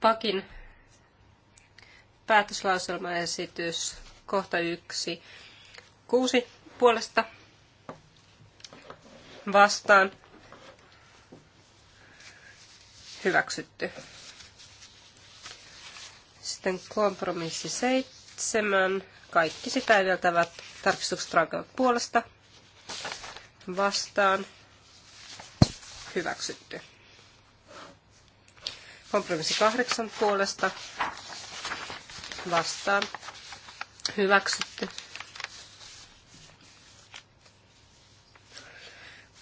Pakin päätöslauselmaesitys kohta yksi. Kuusi puolesta vastaan hyväksytty. Sitten kompromissi seitsemän. Kaikki sitä edeltävät tarkistukset rankavat puolesta vastaan hyväksytty. Kompromissi kahdeksan puolesta vastaan hyväksytty.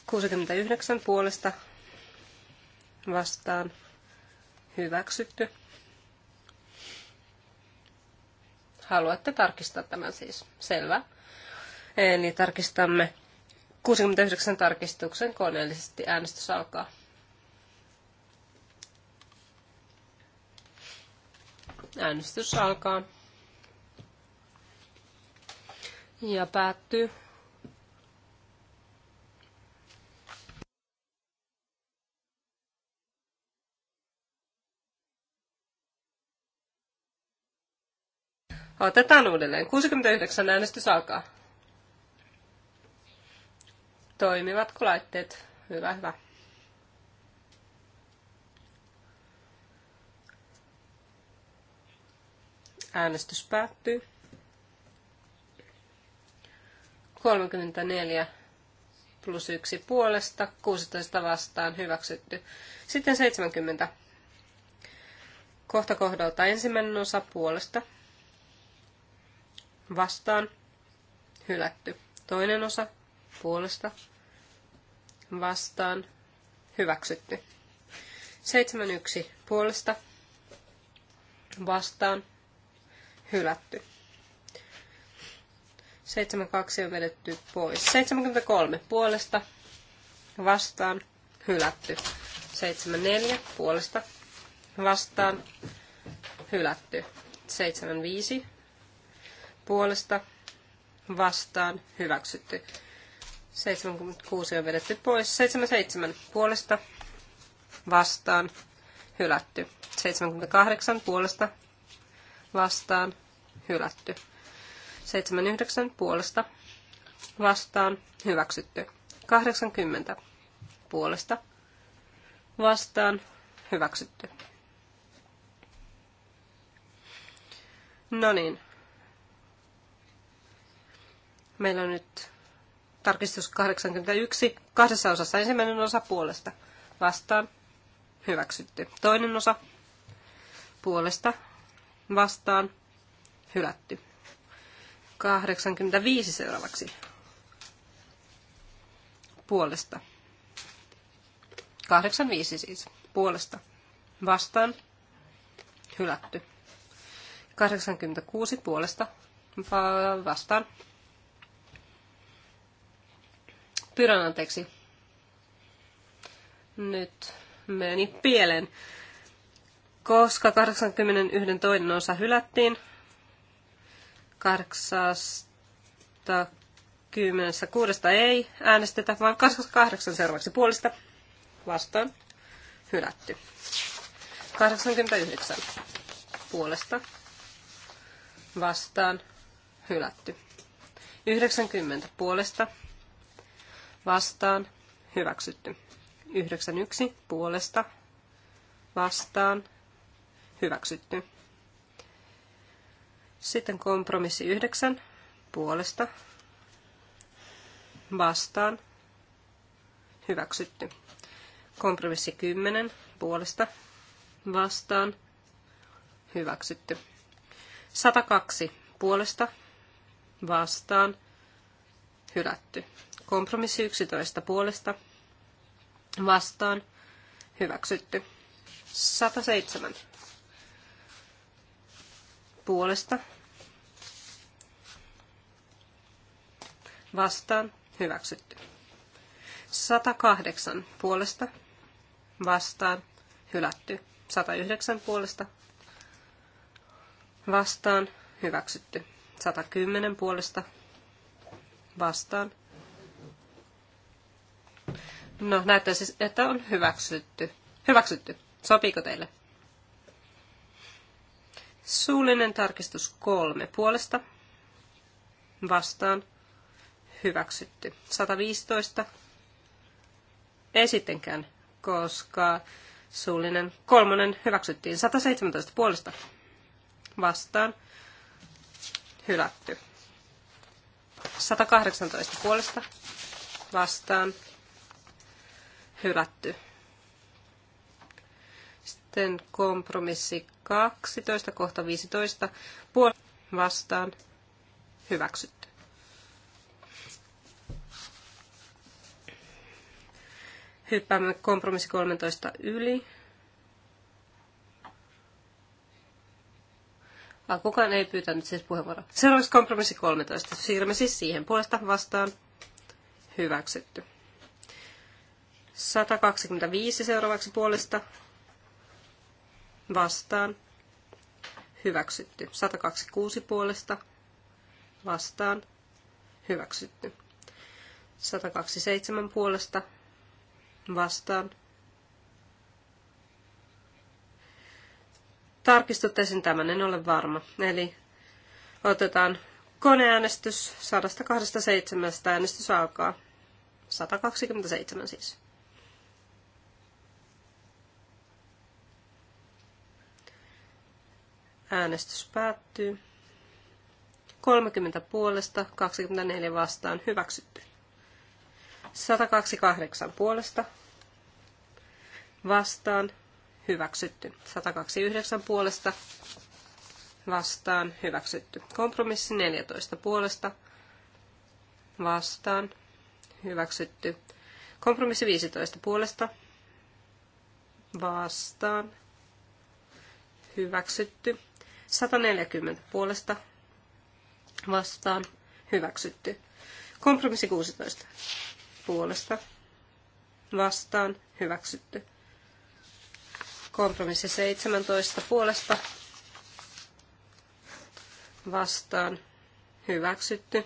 69 puolesta vastaan hyväksytty. Haluatte tarkistaa tämän siis. Selvä. Eli tarkistamme 69 tarkistuksen koneellisesti. Äänestys alkaa. Äänestys alkaa. Ja päättyy. Otetaan uudelleen. 69 äänestys alkaa. Toimivatko laitteet? Hyvä, hyvä. Äänestys päättyy. 34 plus 1 puolesta, 16 vastaan hyväksytty. Sitten 70. Kohta kohdalta ensimmäinen osa puolesta. Vastaan. Hylätty. Toinen osa puolesta. Vastaan. Hyväksytty. 71 puolesta. Vastaan hylätty. 72 on vedetty pois. 73 puolesta vastaan hylätty. 74 puolesta vastaan hylätty. 75 puolesta vastaan hyväksytty. 76 on vedetty pois. 77 puolesta vastaan hylätty. 78 puolesta vastaan hylätty. 79 puolesta vastaan hyväksytty. 80 puolesta vastaan hyväksytty. No niin. Meillä on nyt tarkistus 81, kahdessa osassa ensimmäinen osa puolesta vastaan hyväksytty. Toinen osa puolesta vastaan hylätty. 85 seuraavaksi puolesta. 85 siis puolesta vastaan hylätty. 86 puolesta vastaan. Pyydän anteeksi. Nyt meni pieleen. Koska 81 toinen osa hylättiin, 86 ei äänestetä, vaan 88 seuraavaksi puolesta vastaan hylätty. 89 puolesta vastaan hylätty. 90 puolesta vastaan hyväksytty. 91 puolesta vastaan hyväksytty. Sitten kompromissi 9 puolesta vastaan hyväksytty. Kompromissi 10 puolesta vastaan hyväksytty. 102 puolesta vastaan hylätty. Kompromissi 11 puolesta vastaan hyväksytty. 107 puolesta vastaan hyväksytty. 108 puolesta vastaan hylätty. 109 puolesta vastaan hyväksytty. 110 puolesta vastaan. No, näyttää siltä siis, että on hyväksytty. Hyväksytty. Sopiiko teille? Suullinen tarkistus kolme puolesta vastaan hyväksytty. 115 ei sittenkään, koska suullinen kolmonen hyväksyttiin 117 puolesta vastaan hylätty. 118 puolesta vastaan hylätty. Sitten kompromissi 12, kohta 15, puol vastaan hyväksytty. Hyppäämme kompromissi 13 yli. Vaan kukaan ei pyytänyt siis puheenvuoroa. Seuraavaksi kompromissi 13. Siirrymme siis siihen puolesta vastaan. Hyväksytty. 125 seuraavaksi puolesta vastaan, hyväksytty. 126 puolesta vastaan, hyväksytty. 127 puolesta vastaan. Tarkistuttaisin tämän, en ole varma. Eli otetaan koneäänestys 127. Äänestys alkaa. 127 siis. Äänestys päättyy. 30 puolesta, 24 vastaan hyväksytty. 128 puolesta vastaan hyväksytty. 129 puolesta vastaan hyväksytty. Kompromissi 14 puolesta vastaan hyväksytty. Kompromissi 15 puolesta vastaan hyväksytty. 140 puolesta vastaan hyväksytty. Kompromissi 16 puolesta vastaan hyväksytty. Kompromissi 17 puolesta vastaan hyväksytty.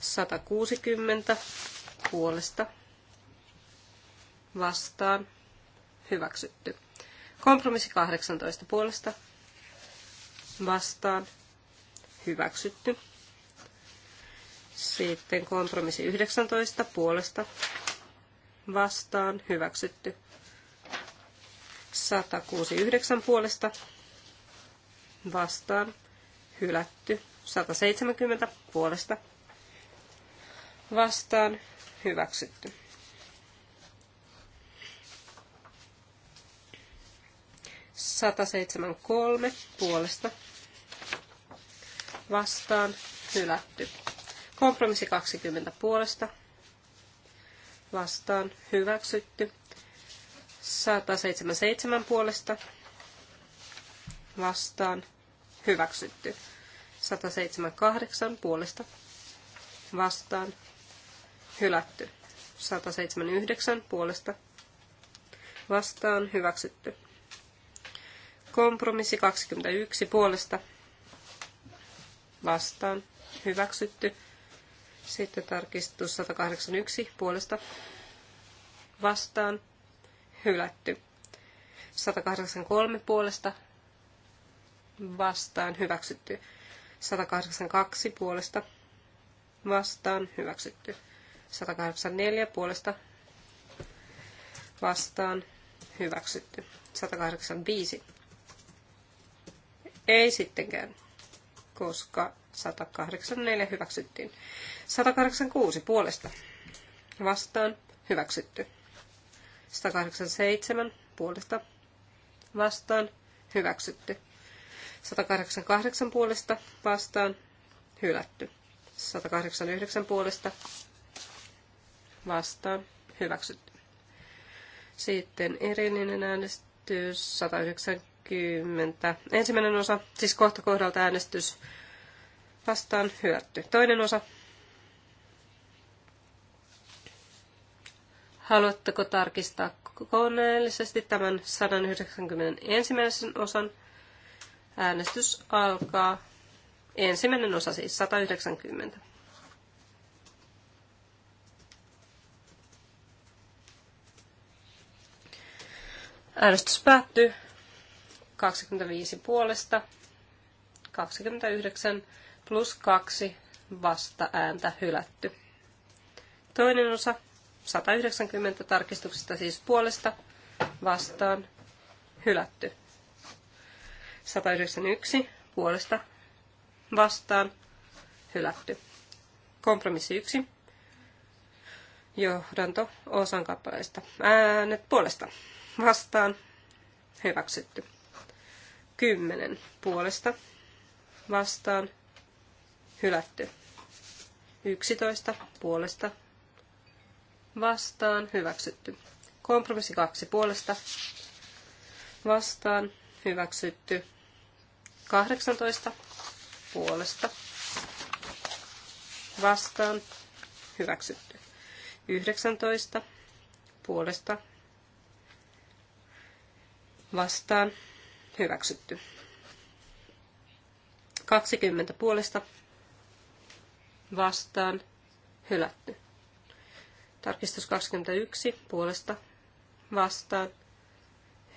160 puolesta vastaan hyväksytty. Kompromissi 18 puolesta vastaan hyväksytty. Sitten kompromissi 19 puolesta vastaan hyväksytty. 169 puolesta vastaan hylätty. 170 puolesta vastaan hyväksytty. Sataseitsemän kolme puolesta vastaan hylätty. Kompromissi 20 puolesta vastaan hyväksytty. 177 puolesta vastaan hyväksytty. 178 puolesta vastaan hylätty. 179 puolesta vastaan hyväksytty. Kompromissi 21 puolesta vastaan hyväksytty. Sitten tarkistus 181 puolesta vastaan hylätty. 183 puolesta vastaan hyväksytty. 182 puolesta vastaan hyväksytty. 184 puolesta vastaan hyväksytty. 185. Ei sittenkään koska 184 hyväksyttiin. 186 puolesta vastaan hyväksytty. 187 puolesta vastaan hyväksytty. 188 puolesta vastaan hylätty. 189 puolesta vastaan hyväksytty. Sitten erillinen äänestys 190 20. Ensimmäinen osa, siis kohta kohdalta äänestys vastaan hyötty. Toinen osa. Haluatteko tarkistaa koneellisesti tämän 191. osan? Äänestys alkaa. Ensimmäinen osa siis 190. Äänestys päättyy. 25 puolesta, 29 plus 2 vasta-ääntä hylätty. Toinen osa 190 tarkistuksesta siis puolesta vastaan hylätty. 191 puolesta vastaan hylätty. Kompromissi 1. Johdanto osan kappaleista. Äänet puolesta vastaan hyväksytty kymmenen puolesta vastaan hylätty. 11 puolesta vastaan hyväksytty. Kompromissi kaksi puolesta vastaan hyväksytty. 18 puolesta vastaan hyväksytty. 19 puolesta vastaan hyväksytty. 20 puolesta vastaan hylätty. Tarkistus 21 puolesta vastaan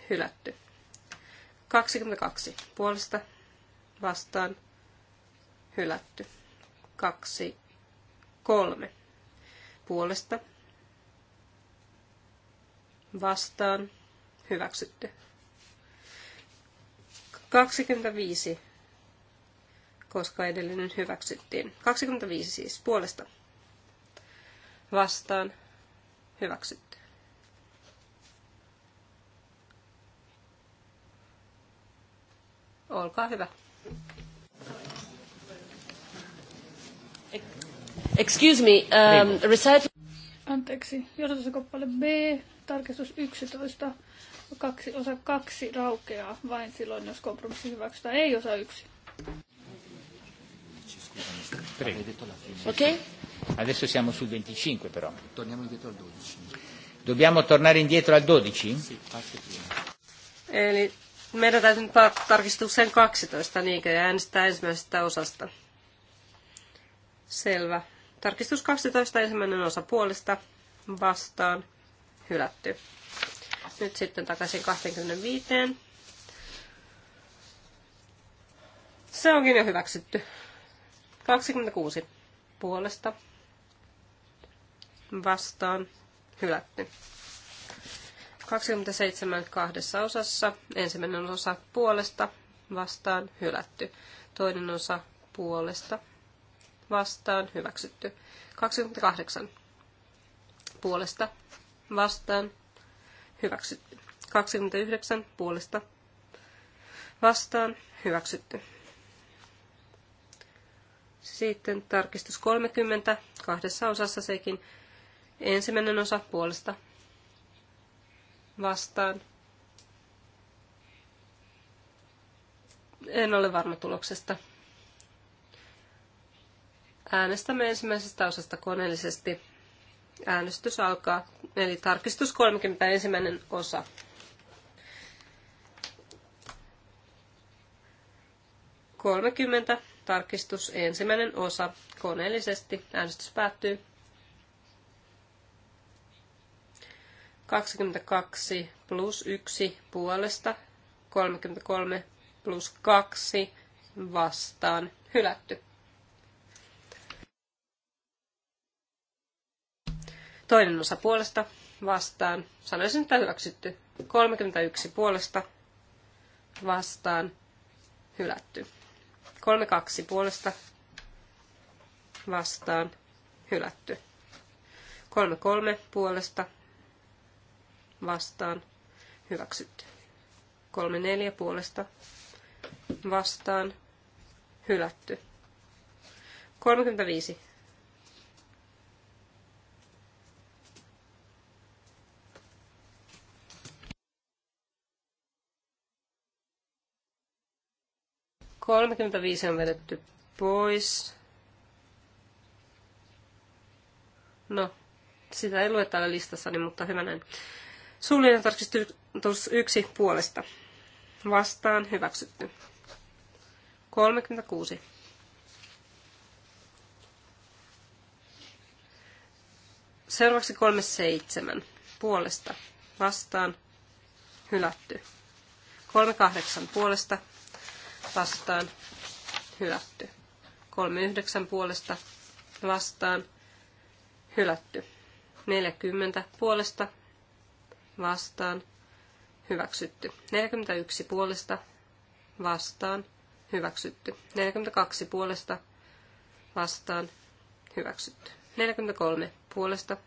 hylätty. 22 puolesta vastaan hylätty. 2 3 puolesta vastaan hyväksytty. 25, koska edellinen hyväksyttiin. 25 siis puolesta vastaan hyväksytty. Olkaa hyvä. Excuse me, um, niin. recital... Anteesi, johdatuskappale B, tarkistus 11 kaksi, osa kaksi raukeaa vain silloin, jos kompromissi hyväksytään, ei osa yksi. Okei. Okay. Adesso siamo sul 25 però. Torniamo indietro al 12. Dobbiamo tornare indietro al 12? Eli meidän täytyy nyt tarkistua sen 12, niin ja äänestää ensimmäisestä osasta. Selvä. Tarkistus 12, ensimmäinen osa puolesta, vastaan, hylätty. Nyt sitten takaisin 25. Se onkin jo hyväksytty. 26 puolesta vastaan hylätty. 27 kahdessa osassa. Ensimmäinen osa puolesta vastaan hylätty. Toinen osa puolesta vastaan hyväksytty. 28 puolesta vastaan hyväksytty. 29 puolesta vastaan hyväksytty. Sitten tarkistus 30, kahdessa osassa sekin. Ensimmäinen osa puolesta vastaan. En ole varma tuloksesta. Äänestämme ensimmäisestä osasta koneellisesti. Äänestys alkaa. Eli tarkistus 31. osa. Kolmekymmentä. Tarkistus ensimmäinen osa. Koneellisesti. Äänestys päättyy. 22 plus 1 puolesta. 33 plus 2 vastaan. Hylätty. Toinen osa puolesta vastaan. Sanoisin, että hyväksytty. 31 puolesta vastaan. Hylätty. 32 puolesta vastaan. Hylätty. 33 puolesta vastaan. Hyväksytty. 34 puolesta vastaan. Hylätty. 35 35 on vedetty pois. No, sitä ei lue täällä listassani, mutta hyvä näin. Suullinen tarkistus yksi puolesta. Vastaan hyväksytty. 36. Seuraavaksi 37. Puolesta. Vastaan. Hylätty. 38. Puolesta vastaan hylätty. 39 puolesta vastaan hylätty. 40 puolesta vastaan hyväksytty. 41 puolesta vastaan hyväksytty. 42 puolesta vastaan hyväksytty. 43 puolesta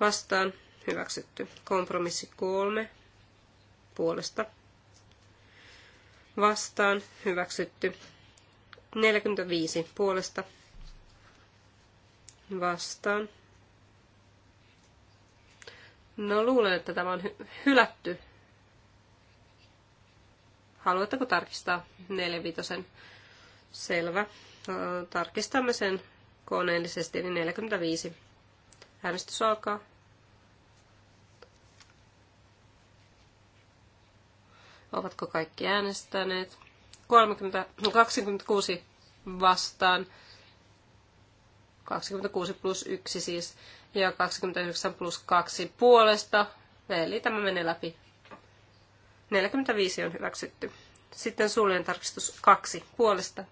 vastaan hyväksytty. Kompromissi 3 puolesta vastaan hyväksytty. 45 puolesta vastaan. No luulen, että tämä on hy- hylätty. Haluatteko tarkistaa 45? Selvä. Tarkistamme sen koneellisesti, eli 45. Äänestys alkaa. Ovatko kaikki äänestäneet? 30, 26 no, vastaan. 26 plus 1 siis. Ja 29 plus 2 puolesta. Eli tämä menee läpi. 45 on hyväksytty. Sitten suullinen tarkistus 2 puolesta.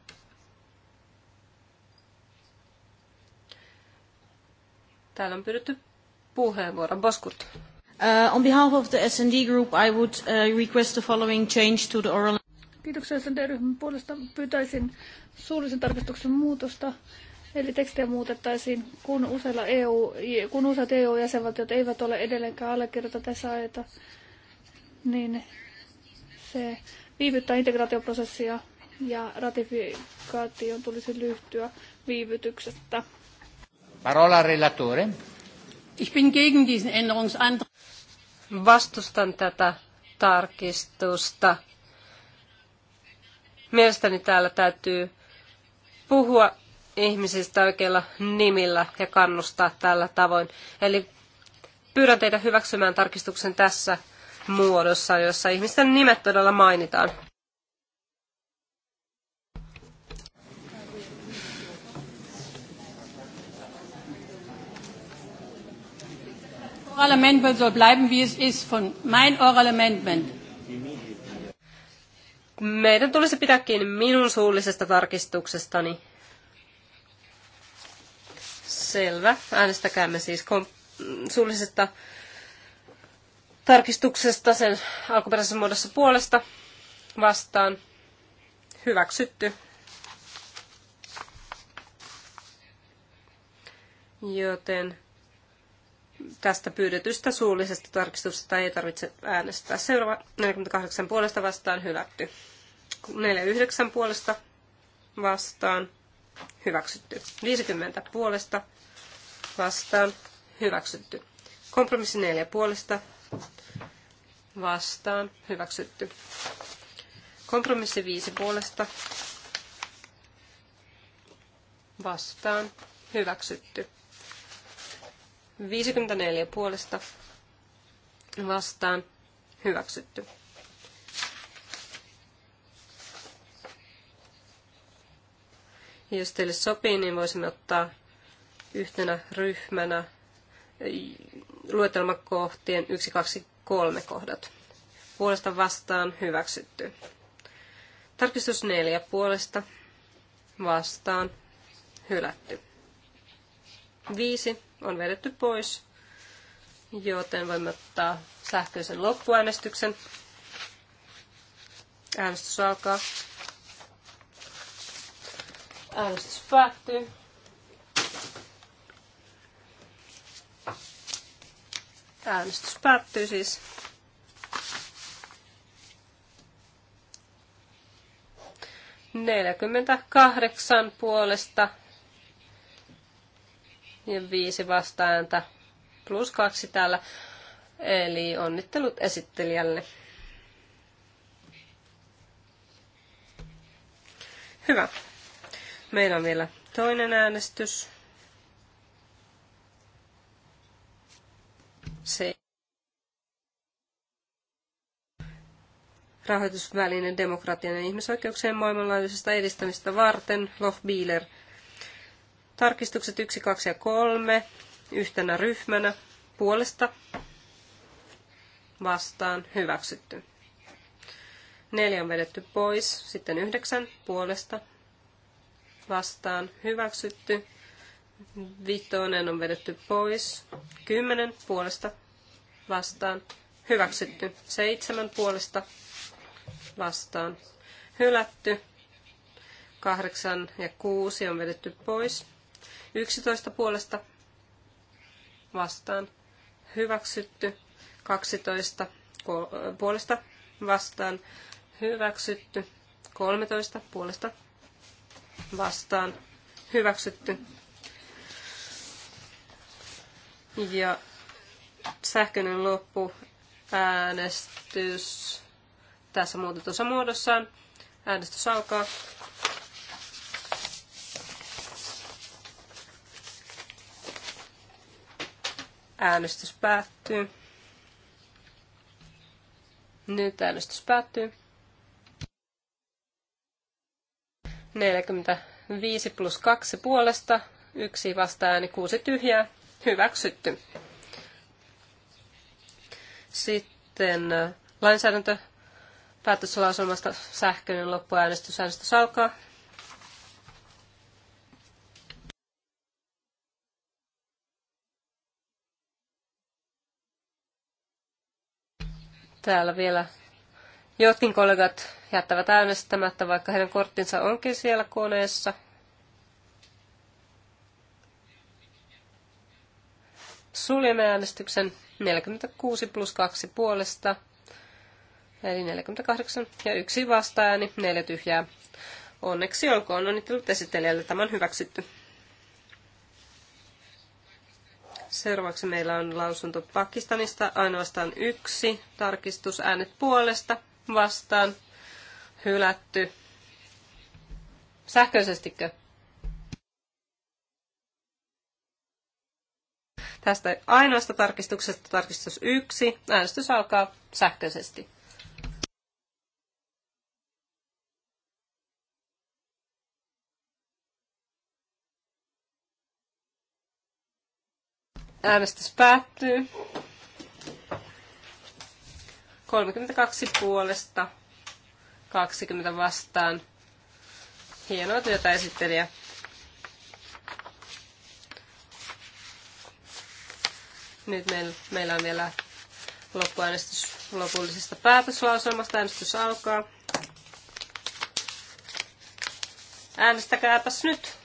Täällä on pyydetty puheenvuoron. Boskurt. Uh, on behalf of the S&D group, I would uh, request the following change to the oral... Kiitoksia sd ryhmän puolesta. Pyytäisin suullisen tarkistuksen muutosta. Eli tekstejä muutettaisiin, kun, useilla EU, kun useat EU-jäsenvaltiot eivät ole edelleenkään allekirjoita tässä ajeta, niin se viivyttää integraatioprosessia ja ratifikaation tulisi lyhtyä viivytyksestä. Parola relatore. Ich bin gegen diesen Änderungsantrag vastustan tätä tarkistusta. Mielestäni täällä täytyy puhua ihmisistä oikeilla nimillä ja kannustaa tällä tavoin. Eli pyydän teitä hyväksymään tarkistuksen tässä muodossa, jossa ihmisten nimet todella mainitaan. Oral Amendment soll bleiben, wie es ist, von mein Oral Amendment. Meidän tulisi pitää kiinni minun suullisesta tarkistuksestani. Selvä. Äänestäkäämme siis kom- suullisesta tarkistuksesta sen alkuperäisessä muodossa puolesta vastaan. Hyväksytty. Joten tästä pyydetystä suullisesta tarkistuksesta ei tarvitse äänestää. Seuraava 48 puolesta vastaan hylätty. 49 puolesta vastaan hyväksytty. 50 puolesta vastaan hyväksytty. Kompromissi 4 puolesta vastaan hyväksytty. Kompromissi 5 puolesta vastaan hyväksytty. 54 puolesta vastaan hyväksytty. Jos teille sopii, niin voisimme ottaa yhtenä ryhmänä luetelmakohtien 1, 2, 3 kohdat. Puolesta vastaan hyväksytty. Tarkistus 4 puolesta vastaan hylätty. 5 on vedetty pois, joten voimme ottaa sähköisen loppuäänestyksen. Äänestys alkaa. Äänestys päättyy. Äänestys päättyy siis. kahdeksan puolesta, ja viisi vastaajanta plus kaksi täällä. Eli onnittelut esittelijälle. Hyvä. Meillä on vielä toinen äänestys. Se rahoitusväline demokratian ja ihmisoikeuksien maailmanlaajuisesta edistämistä varten, Loch Bieler – Tarkistukset 1, 2 ja 3 yhtenä ryhmänä puolesta vastaan hyväksytty. Neljä on vedetty pois, sitten yhdeksän puolesta vastaan hyväksytty. Vitoinen on vedetty pois, kymmenen puolesta vastaan hyväksytty. Seitsemän puolesta vastaan hylätty. Kahdeksan ja kuusi on vedetty pois. 11 puolesta vastaan hyväksytty. 12 puolesta vastaan hyväksytty. 13 puolesta vastaan hyväksytty. Ja sähköinen loppu äänestys tässä muutetussa muodossaan. Äänestys alkaa. Äänestys päättyy. Nyt äänestys päättyy. 45 plus 2 puolesta, yksi ääni kuusi tyhjää. Hyväksytty. Sitten äh, lainsäädäntö päätöslauselmasta sähköinen loppuäänestys. Äänestys alkaa. täällä vielä jotkin kollegat jättävät äänestämättä, vaikka heidän korttinsa onkin siellä koneessa. Suljemme äänestyksen 46 plus 2 puolesta, eli 48 ja yksi vastaajani, neljä tyhjää. Onneksi olkoon onnittelut esittelijälle, tämän hyväksytty. Seuraavaksi meillä on lausunto Pakistanista. Ainoastaan yksi tarkistus äänet puolesta vastaan. Hylätty. Sähköisestikö? Tästä ainoasta tarkistuksesta tarkistus yksi Äänestys alkaa sähköisesti. Äänestys päättyy. 32 puolesta, 20 vastaan. Hienoa työtä esittelijä. Nyt meillä, meillä on vielä loppuäänestys lopullisesta päätöslauselmasta. Äänestys alkaa. Äänestäkääpäs nyt.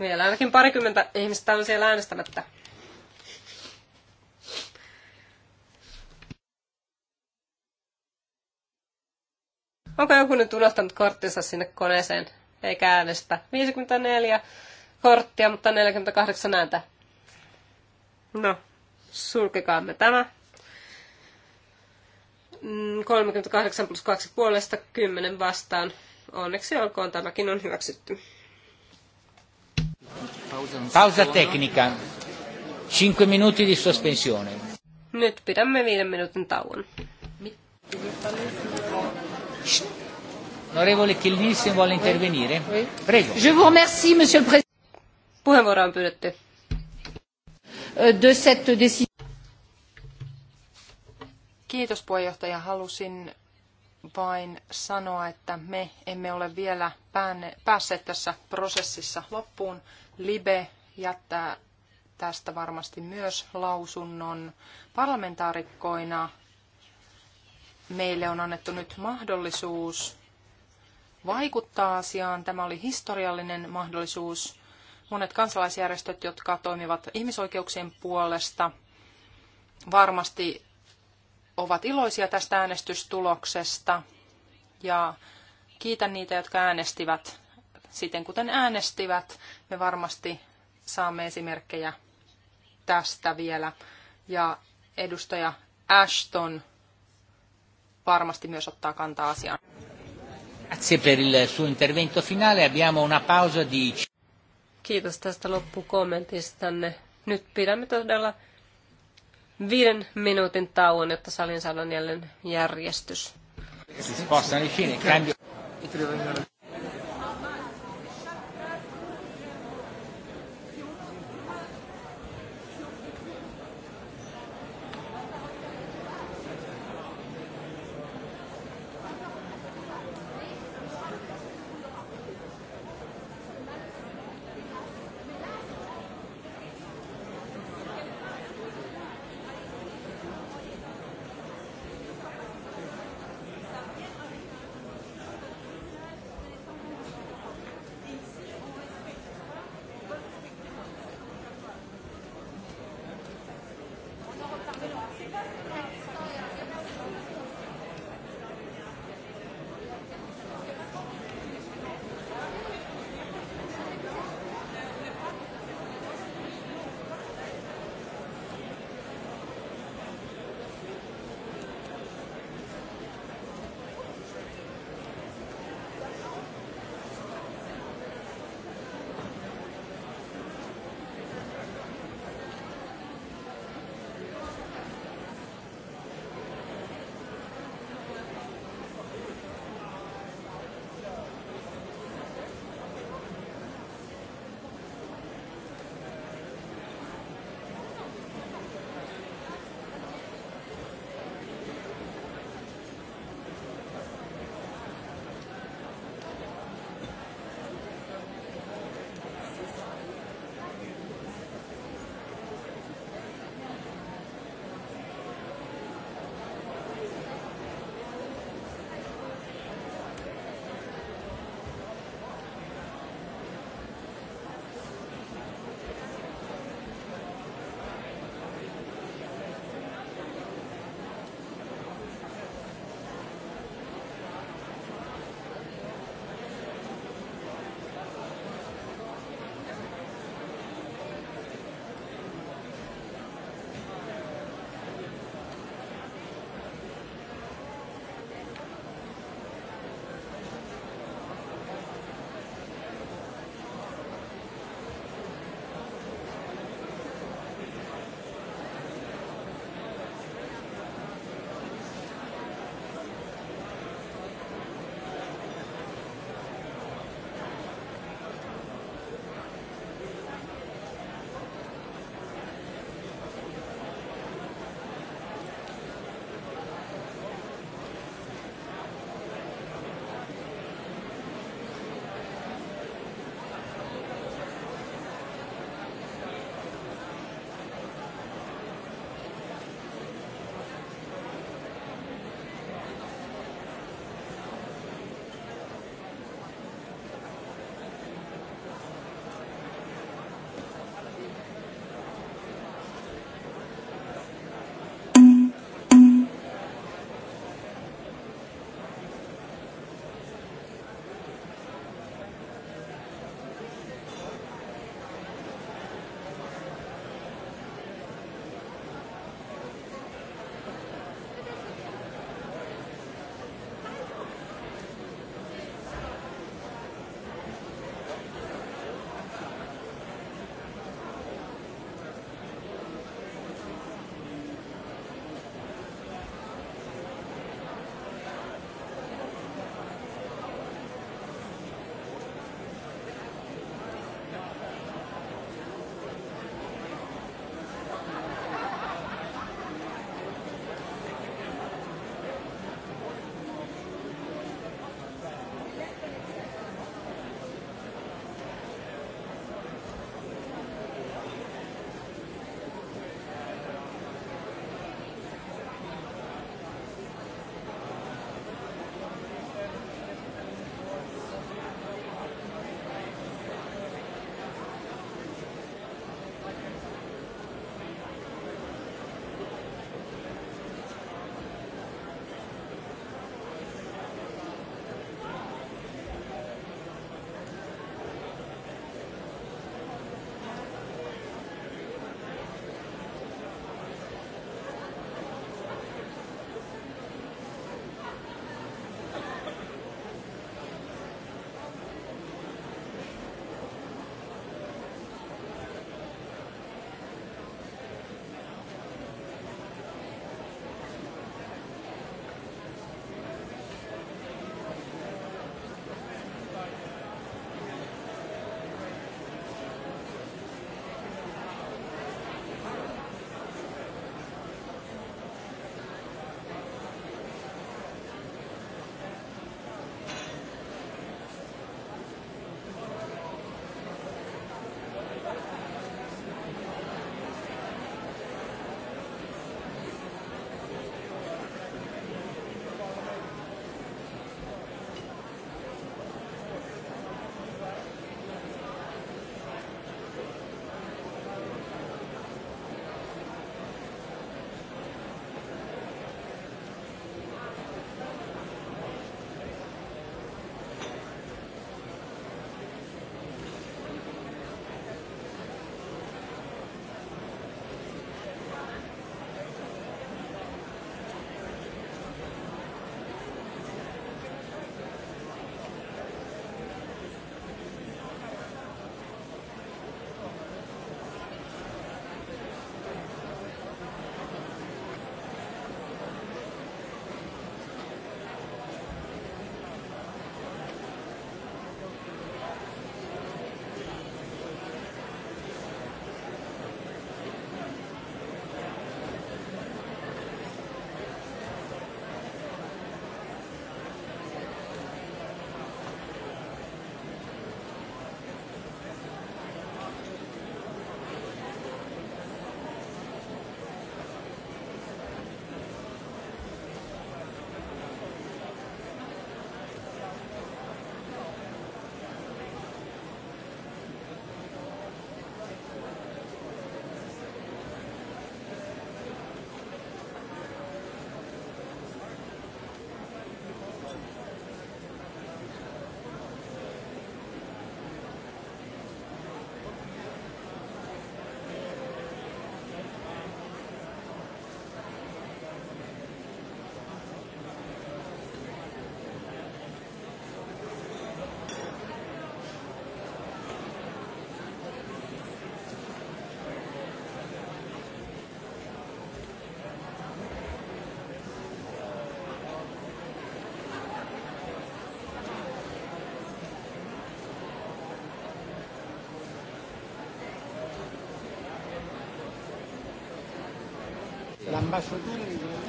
Vielä ainakin parikymmentä ihmistä on siellä äänestämättä. Onko joku nyt unohtanut korttinsa sinne koneeseen? Ei äänestä. 54 korttia, mutta 48 ääntä. No, sulkekaamme tämä. 38 mm, plus 2 puolesta, 10 vastaan. Onneksi olkoon, tämäkin on hyväksytty. Pausa tekniikan. 5 minuutin di sospensione. Nyt pidämme viiden minuutin tauon. Onorevole Kilnissen vuole intervenire. Prego. Je vous remercie, monsieur le président. Puheenvuoro on pyydetty. Euh, de cette décision. Kiitos puheenjohtaja. Halusin vain sanoa, että me emme ole vielä päässeet tässä prosessissa loppuun. Libe jättää tästä varmasti myös lausunnon. Parlamentaarikkoina meille on annettu nyt mahdollisuus vaikuttaa asiaan. Tämä oli historiallinen mahdollisuus. Monet kansalaisjärjestöt, jotka toimivat ihmisoikeuksien puolesta, varmasti ovat iloisia tästä äänestystuloksesta ja kiitän niitä, jotka äänestivät siten, kuten äänestivät. Me varmasti saamme esimerkkejä tästä vielä. Ja edustaja Ashton varmasti myös ottaa kantaa asiaan. pausa Kiitos tästä loppukommentistanne. Nyt pidämme todella viiden minuutin tauon, jotta salin saadaan jälleen järjestys. Spostani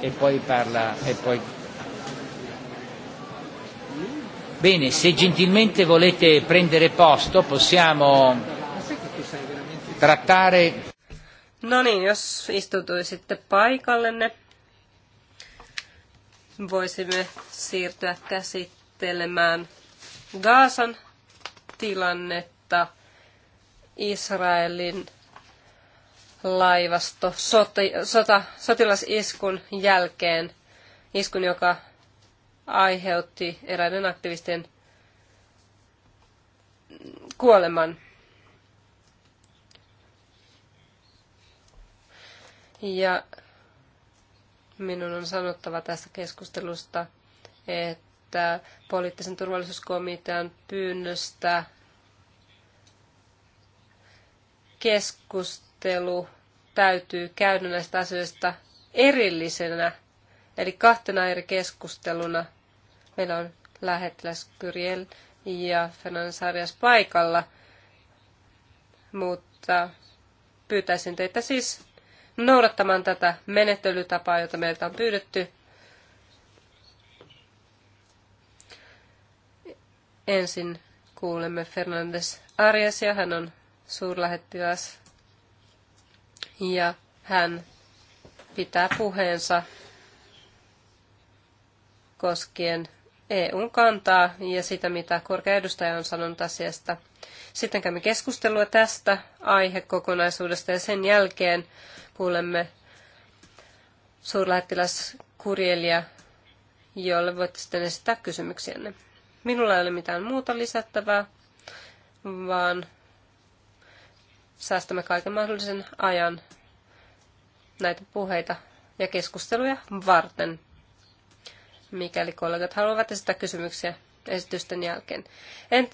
e poi parla e poi Bene, se gentilmente volete prendere posto, possiamo trattare No niin, jos istutuisitte paikallenne, voisimme siirtyä käsittelemään Gaasan tilannetta Israelin laivasto sota, sotilasiskun jälkeen, iskun, joka aiheutti eräiden aktivistien kuoleman. Ja minun on sanottava tästä keskustelusta, että poliittisen turvallisuuskomitean pyynnöstä keskusta keskustelu täytyy käydä näistä asioista erillisenä, eli kahtena eri keskusteluna. Meillä on lähettiläs Kyriel ja Fernandes paikalla, mutta pyytäisin teitä siis noudattamaan tätä menettelytapaa, jota meiltä on pyydetty. Ensin kuulemme Fernandes Arias ja hän on suurlähettiläs ja hän pitää puheensa koskien EUn kantaa ja sitä, mitä korkea edustaja on sanonut asiasta. Sitten käymme keskustelua tästä aihekokonaisuudesta ja sen jälkeen kuulemme suurlähettiläs Kurjelia, jolle voitte sitten esittää kysymyksiänne. Minulla ei ole mitään muuta lisättävää, vaan säästämme kaiken mahdollisen ajan näitä puheita ja keskusteluja varten, mikäli kollegat haluavat esittää kysymyksiä esitysten jälkeen.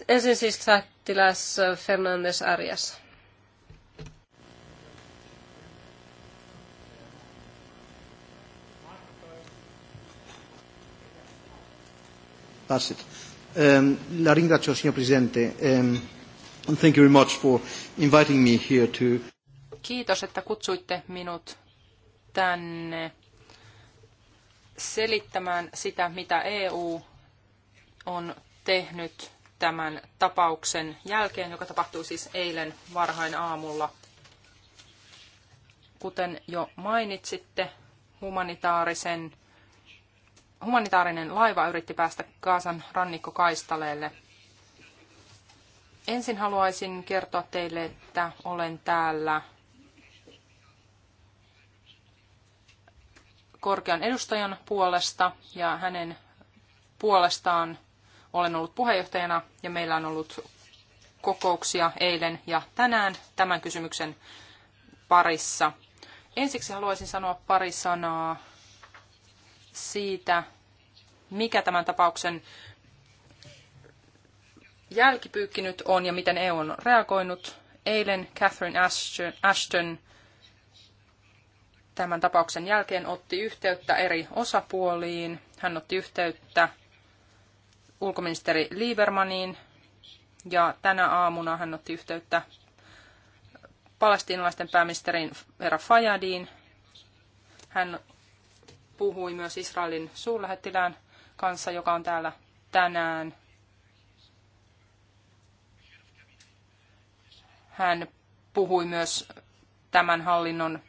ensin siis lähettiläs Fernandes Arias. That's Ehm, la ringrazio, signor Presidente. Ehm... Thank you very much for inviting me here to... Kiitos, että kutsuitte minut tänne selittämään sitä, mitä EU on tehnyt tämän tapauksen jälkeen, joka tapahtui siis eilen varhain aamulla. Kuten jo mainitsitte, humanitaarisen, humanitaarinen laiva yritti päästä Kaasan rannikkokaistaleelle. Ensin haluaisin kertoa teille, että olen täällä korkean edustajan puolesta ja hänen puolestaan olen ollut puheenjohtajana ja meillä on ollut kokouksia eilen ja tänään tämän kysymyksen parissa. Ensiksi haluaisin sanoa pari sanaa siitä, mikä tämän tapauksen jälkipyykki nyt on ja miten EU on reagoinut. Eilen Catherine Ashton, Ashton tämän tapauksen jälkeen otti yhteyttä eri osapuoliin. Hän otti yhteyttä ulkoministeri Liebermaniin ja tänä aamuna hän otti yhteyttä palestinalaisten pääministerin Vera Fayadiin. Hän puhui myös Israelin suurlähettilään kanssa, joka on täällä tänään – Hän puhui myös tämän hallinnon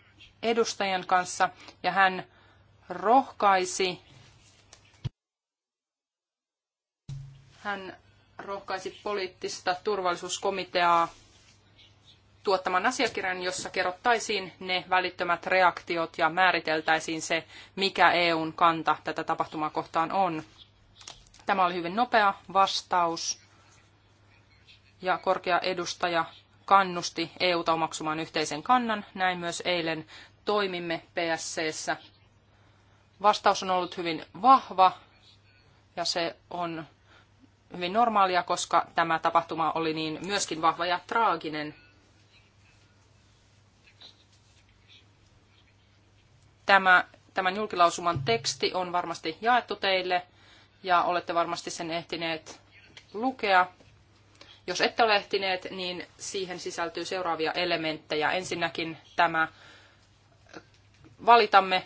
edustajan kanssa ja hän rohkaisi hän rohkaisi poliittista turvallisuuskomiteaa tuottamaan asiakirjan, jossa kerrottaisiin ne välittömät reaktiot ja määriteltäisiin se, mikä EUn kanta tätä tapahtumaa kohtaan on. Tämä oli hyvin nopea vastaus ja korkea edustaja kannusti EUta omaksumaan yhteisen kannan. Näin myös eilen toimimme PSCssä. Vastaus on ollut hyvin vahva ja se on hyvin normaalia, koska tämä tapahtuma oli niin myöskin vahva ja traaginen. Tämä, tämän julkilausuman teksti on varmasti jaettu teille ja olette varmasti sen ehtineet lukea. Jos ette ole ehtineet, niin siihen sisältyy seuraavia elementtejä. Ensinnäkin tämä valitamme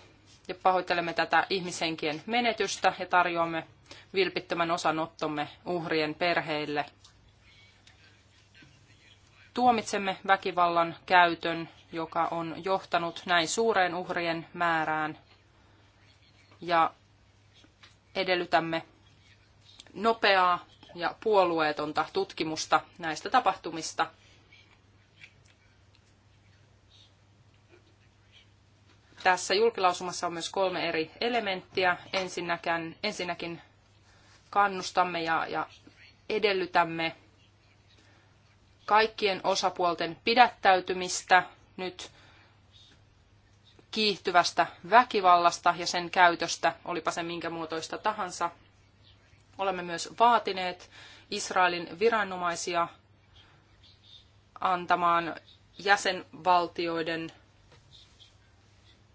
ja pahoittelemme tätä ihmishenkien menetystä ja tarjoamme vilpittömän osanottomme uhrien perheille. Tuomitsemme väkivallan käytön, joka on johtanut näin suureen uhrien määrään ja edellytämme nopeaa ja puolueetonta tutkimusta näistä tapahtumista. Tässä julkilausumassa on myös kolme eri elementtiä. Ensinnäkin, ensinnäkin kannustamme ja, ja edellytämme kaikkien osapuolten pidättäytymistä nyt kiihtyvästä väkivallasta ja sen käytöstä, olipa se minkä muotoista tahansa – Olemme myös vaatineet Israelin viranomaisia antamaan jäsenvaltioiden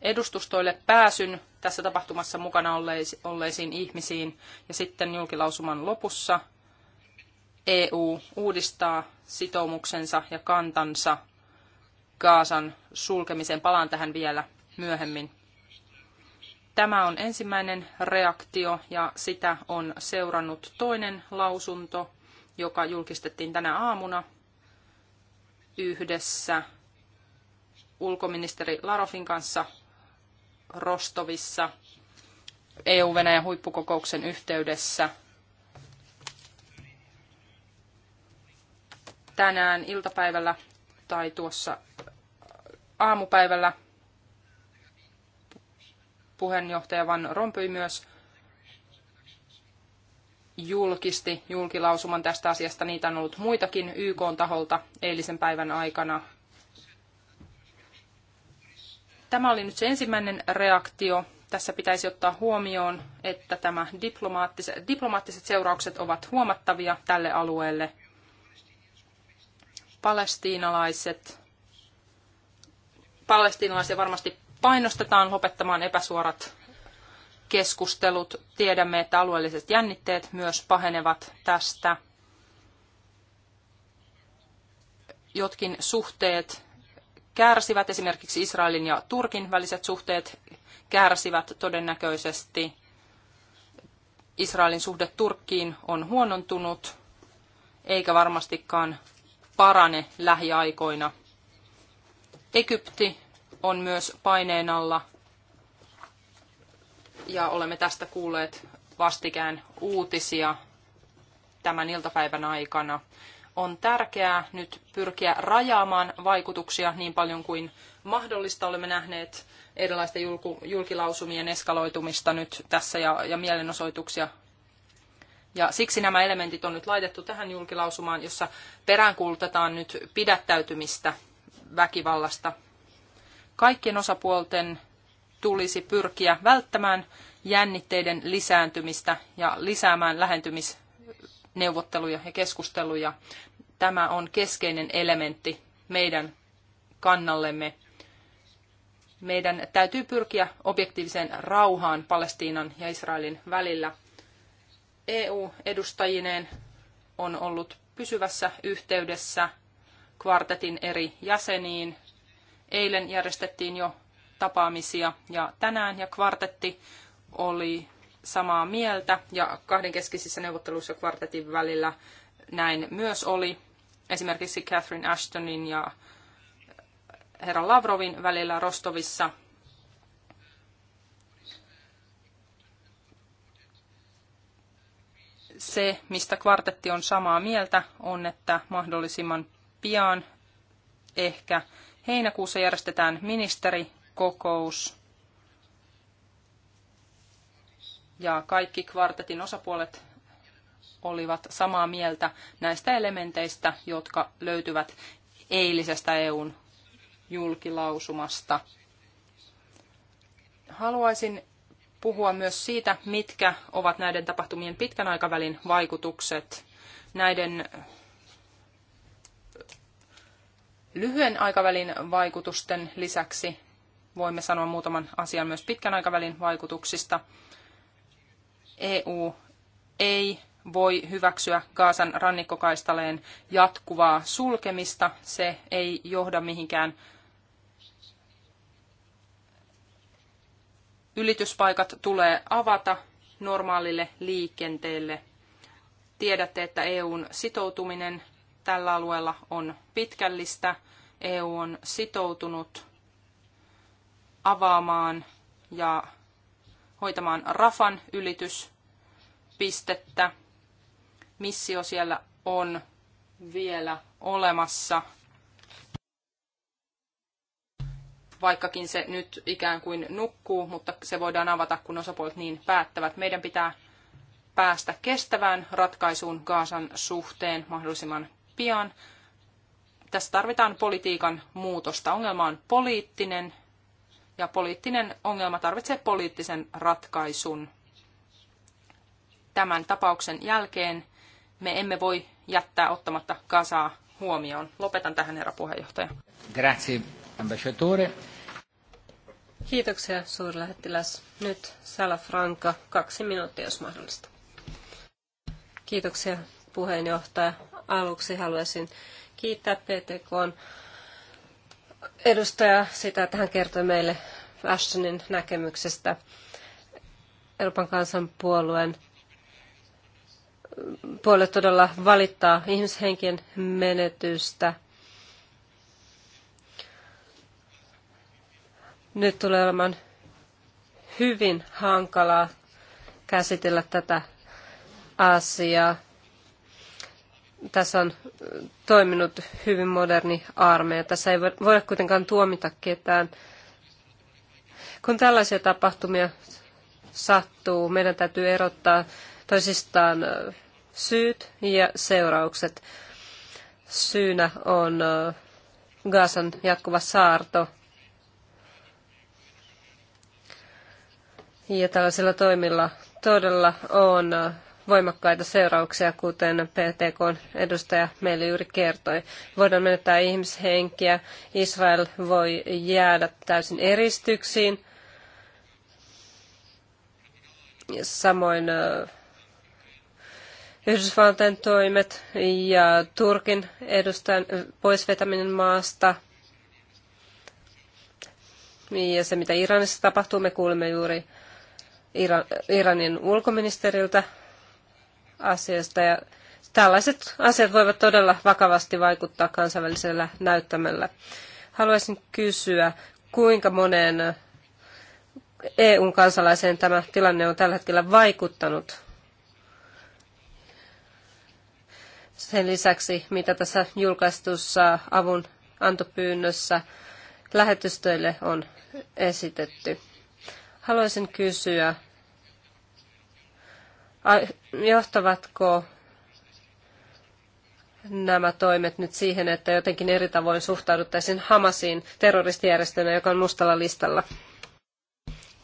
edustustoille pääsyn tässä tapahtumassa mukana olleisiin ihmisiin. Ja sitten julkilausuman lopussa EU uudistaa sitoumuksensa ja kantansa Gaasan sulkemiseen. Palaan tähän vielä myöhemmin. Tämä on ensimmäinen reaktio ja sitä on seurannut toinen lausunto, joka julkistettiin tänä aamuna yhdessä ulkoministeri Larofin kanssa Rostovissa EU-Venäjän huippukokouksen yhteydessä. Tänään iltapäivällä tai tuossa aamupäivällä puheenjohtaja Van Rompuy myös julkisti julkilausuman tästä asiasta. Niitä on ollut muitakin YK taholta eilisen päivän aikana. Tämä oli nyt se ensimmäinen reaktio. Tässä pitäisi ottaa huomioon, että tämä diplomaattiset, diplomaattiset seuraukset ovat huomattavia tälle alueelle. Palestiinalaiset, palestiinalaisia varmasti painostetaan lopettamaan epäsuorat keskustelut. Tiedämme, että alueelliset jännitteet myös pahenevat tästä. Jotkin suhteet kärsivät, esimerkiksi Israelin ja Turkin väliset suhteet kärsivät todennäköisesti. Israelin suhde Turkkiin on huonontunut, eikä varmastikaan parane lähiaikoina. Egypti on myös paineen alla ja olemme tästä kuulleet vastikään uutisia tämän iltapäivän aikana. On tärkeää nyt pyrkiä rajaamaan vaikutuksia niin paljon kuin mahdollista. Olemme nähneet erilaisten julkilausumien eskaloitumista nyt tässä ja, ja mielenosoituksia. Ja siksi nämä elementit on nyt laitettu tähän julkilausumaan, jossa peräänkuultetaan nyt pidättäytymistä väkivallasta Kaikkien osapuolten tulisi pyrkiä välttämään jännitteiden lisääntymistä ja lisäämään lähentymisneuvotteluja ja keskusteluja. Tämä on keskeinen elementti meidän kannallemme. Meidän täytyy pyrkiä objektiiviseen rauhaan Palestiinan ja Israelin välillä. EU-edustajineen on ollut pysyvässä yhteydessä kvartetin eri jäseniin Eilen järjestettiin jo tapaamisia ja tänään ja kvartetti oli samaa mieltä ja kahdenkeskisissä neuvotteluissa kvartetin välillä näin myös oli. Esimerkiksi Catherine Ashtonin ja äh, herra Lavrovin välillä Rostovissa se, mistä kvartetti on samaa mieltä, on, että mahdollisimman pian ehkä Heinäkuussa järjestetään ministerikokous ja kaikki kvartetin osapuolet olivat samaa mieltä näistä elementeistä, jotka löytyvät eilisestä EUn julkilausumasta. Haluaisin puhua myös siitä, mitkä ovat näiden tapahtumien pitkän aikavälin vaikutukset. Näiden lyhyen aikavälin vaikutusten lisäksi voimme sanoa muutaman asian myös pitkän aikavälin vaikutuksista. EU ei voi hyväksyä Gaasan rannikkokaistaleen jatkuvaa sulkemista. Se ei johda mihinkään. Ylityspaikat tulee avata normaalille liikenteelle. Tiedätte, että EUn sitoutuminen tällä alueella on pitkällistä. EU on sitoutunut avaamaan ja hoitamaan Rafan ylityspistettä. Missio siellä on vielä olemassa, vaikkakin se nyt ikään kuin nukkuu, mutta se voidaan avata, kun osapuolet niin päättävät. Meidän pitää päästä kestävään ratkaisuun Gaasan suhteen mahdollisimman pian. Tässä tarvitaan politiikan muutosta. Ongelma on poliittinen ja poliittinen ongelma tarvitsee poliittisen ratkaisun. Tämän tapauksen jälkeen me emme voi jättää ottamatta kasaa huomioon. Lopetan tähän, herra puheenjohtaja. Grazie, ambasciatore. Kiitoksia, suurlähettiläs. Nyt Franka, kaksi minuuttia, jos mahdollista. Kiitoksia, puheenjohtaja aluksi haluaisin kiittää PTK edustajaa sitä, että hän kertoi meille Ashtonin näkemyksestä Euroopan kansanpuolueen puolue todella valittaa ihmishenkien menetystä. Nyt tulee olemaan hyvin hankalaa käsitellä tätä asiaa tässä on toiminut hyvin moderni armeija. Tässä ei voida kuitenkaan tuomita ketään. Kun tällaisia tapahtumia sattuu, meidän täytyy erottaa toisistaan syyt ja seuraukset. Syynä on Gazan jatkuva saarto. Ja tällaisilla toimilla todella on voimakkaita seurauksia, kuten PTK edustaja meille juuri kertoi. Voidaan menettää ihmishenkiä, Israel voi jäädä täysin eristyksiin, samoin äh, Yhdysvaltain toimet ja Turkin edustajan äh, poisvetäminen maasta – ja se, mitä Iranissa tapahtuu, me kuulimme juuri Iranin ulkoministeriltä asioista ja tällaiset asiat voivat todella vakavasti vaikuttaa kansainvälisellä näyttämällä. Haluaisin kysyä, kuinka monen eu kansalaiseen tämä tilanne on tällä hetkellä vaikuttanut? Sen lisäksi, mitä tässä julkaistussa avun antopyynnössä lähetystöille on esitetty. Haluaisin kysyä, johtavatko nämä toimet nyt siihen, että jotenkin eri tavoin suhtauduttaisiin Hamasiin terroristijärjestönä, joka on mustalla listalla.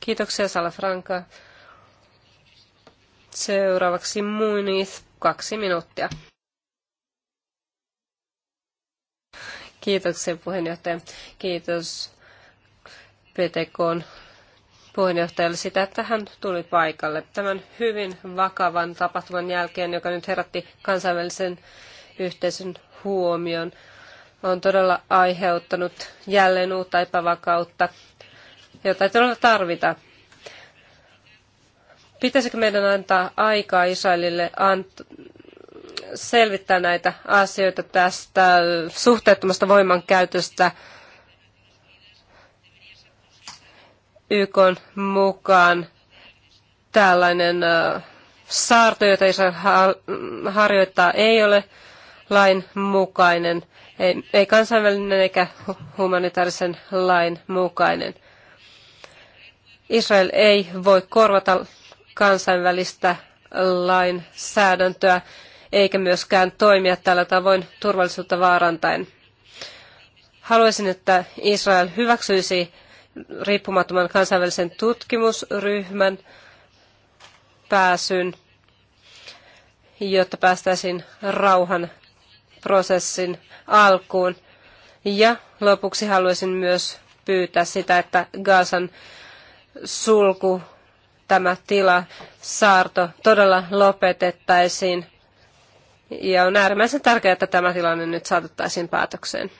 Kiitoksia Salafranca. Seuraavaksi Muinith, kaksi minuuttia. Kiitoksia puheenjohtaja. Kiitos PTK puheenjohtajalle sitä, että hän tuli paikalle tämän hyvin vakavan tapahtuman jälkeen, joka nyt herätti kansainvälisen yhteisön huomion, on todella aiheuttanut jälleen uutta epävakautta, jota ei todella tarvita. Pitäisikö meidän antaa aikaa Israelille ant- selvittää näitä asioita tästä suhteettomasta voimankäytöstä YK mukaan tällainen saarto, jota ei saa harjoittaa, ei ole lain mukainen, ei, ei kansainvälinen eikä humanitaarisen lain mukainen. Israel ei voi korvata kansainvälistä lainsäädäntöä eikä myöskään toimia tällä tavoin turvallisuutta vaarantain. Haluaisin, että Israel hyväksyisi riippumattoman kansainvälisen tutkimusryhmän pääsyn, jotta päästäisiin rauhan prosessin alkuun. Ja lopuksi haluaisin myös pyytää sitä, että Gaasan sulku, tämä tila, saarto todella lopetettaisiin. Ja on äärimmäisen tärkeää, että tämä tilanne nyt saatettaisiin päätökseen.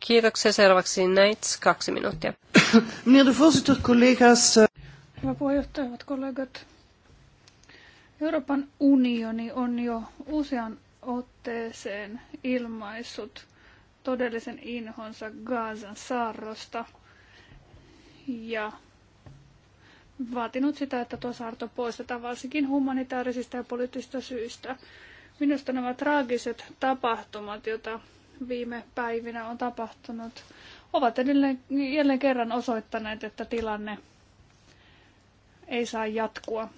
Kiitoksia seuraavaksi Neits, kaksi minuuttia. Meneer de eh. Hyvä puheenjohtaja, hyvät kollegat. Euroopan unioni on jo usean otteeseen ilmaissut todellisen inhonsa Gaasan saarrosta ja vaatinut sitä, että tuo saarto poistetaan varsinkin humanitaarisista ja poliittisista syistä. Minusta nämä traagiset tapahtumat, joita viime päivinä on tapahtunut, ovat edelleen, jälleen kerran osoittaneet, että tilanne ei saa jatkua.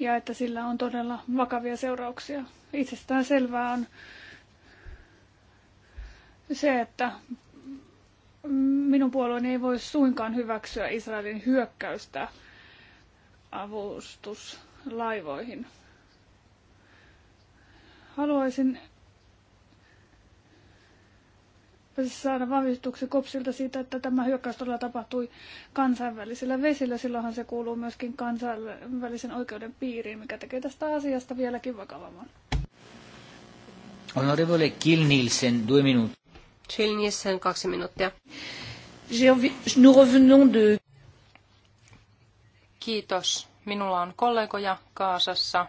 Ja että sillä on todella vakavia seurauksia. Itsestään selvää on se, että minun puolueeni ei voi suinkaan hyväksyä Israelin hyökkäystä avustuslaivoihin. Haluaisin saada vahvistuksi Kopsilta siitä, että tämä hyökkäys todella tapahtui kansainvälisillä vesillä. Silloinhan se kuuluu myöskin kansainvälisen oikeuden piiriin, mikä tekee tästä asiasta vieläkin vakavamman. Honorevole Kill Nielsen, kaksi minuuttia. Kill Nielsen, kaksi minuuttia. Nous revenons de... Kiitos. Minulla on kollegoja Kaasassa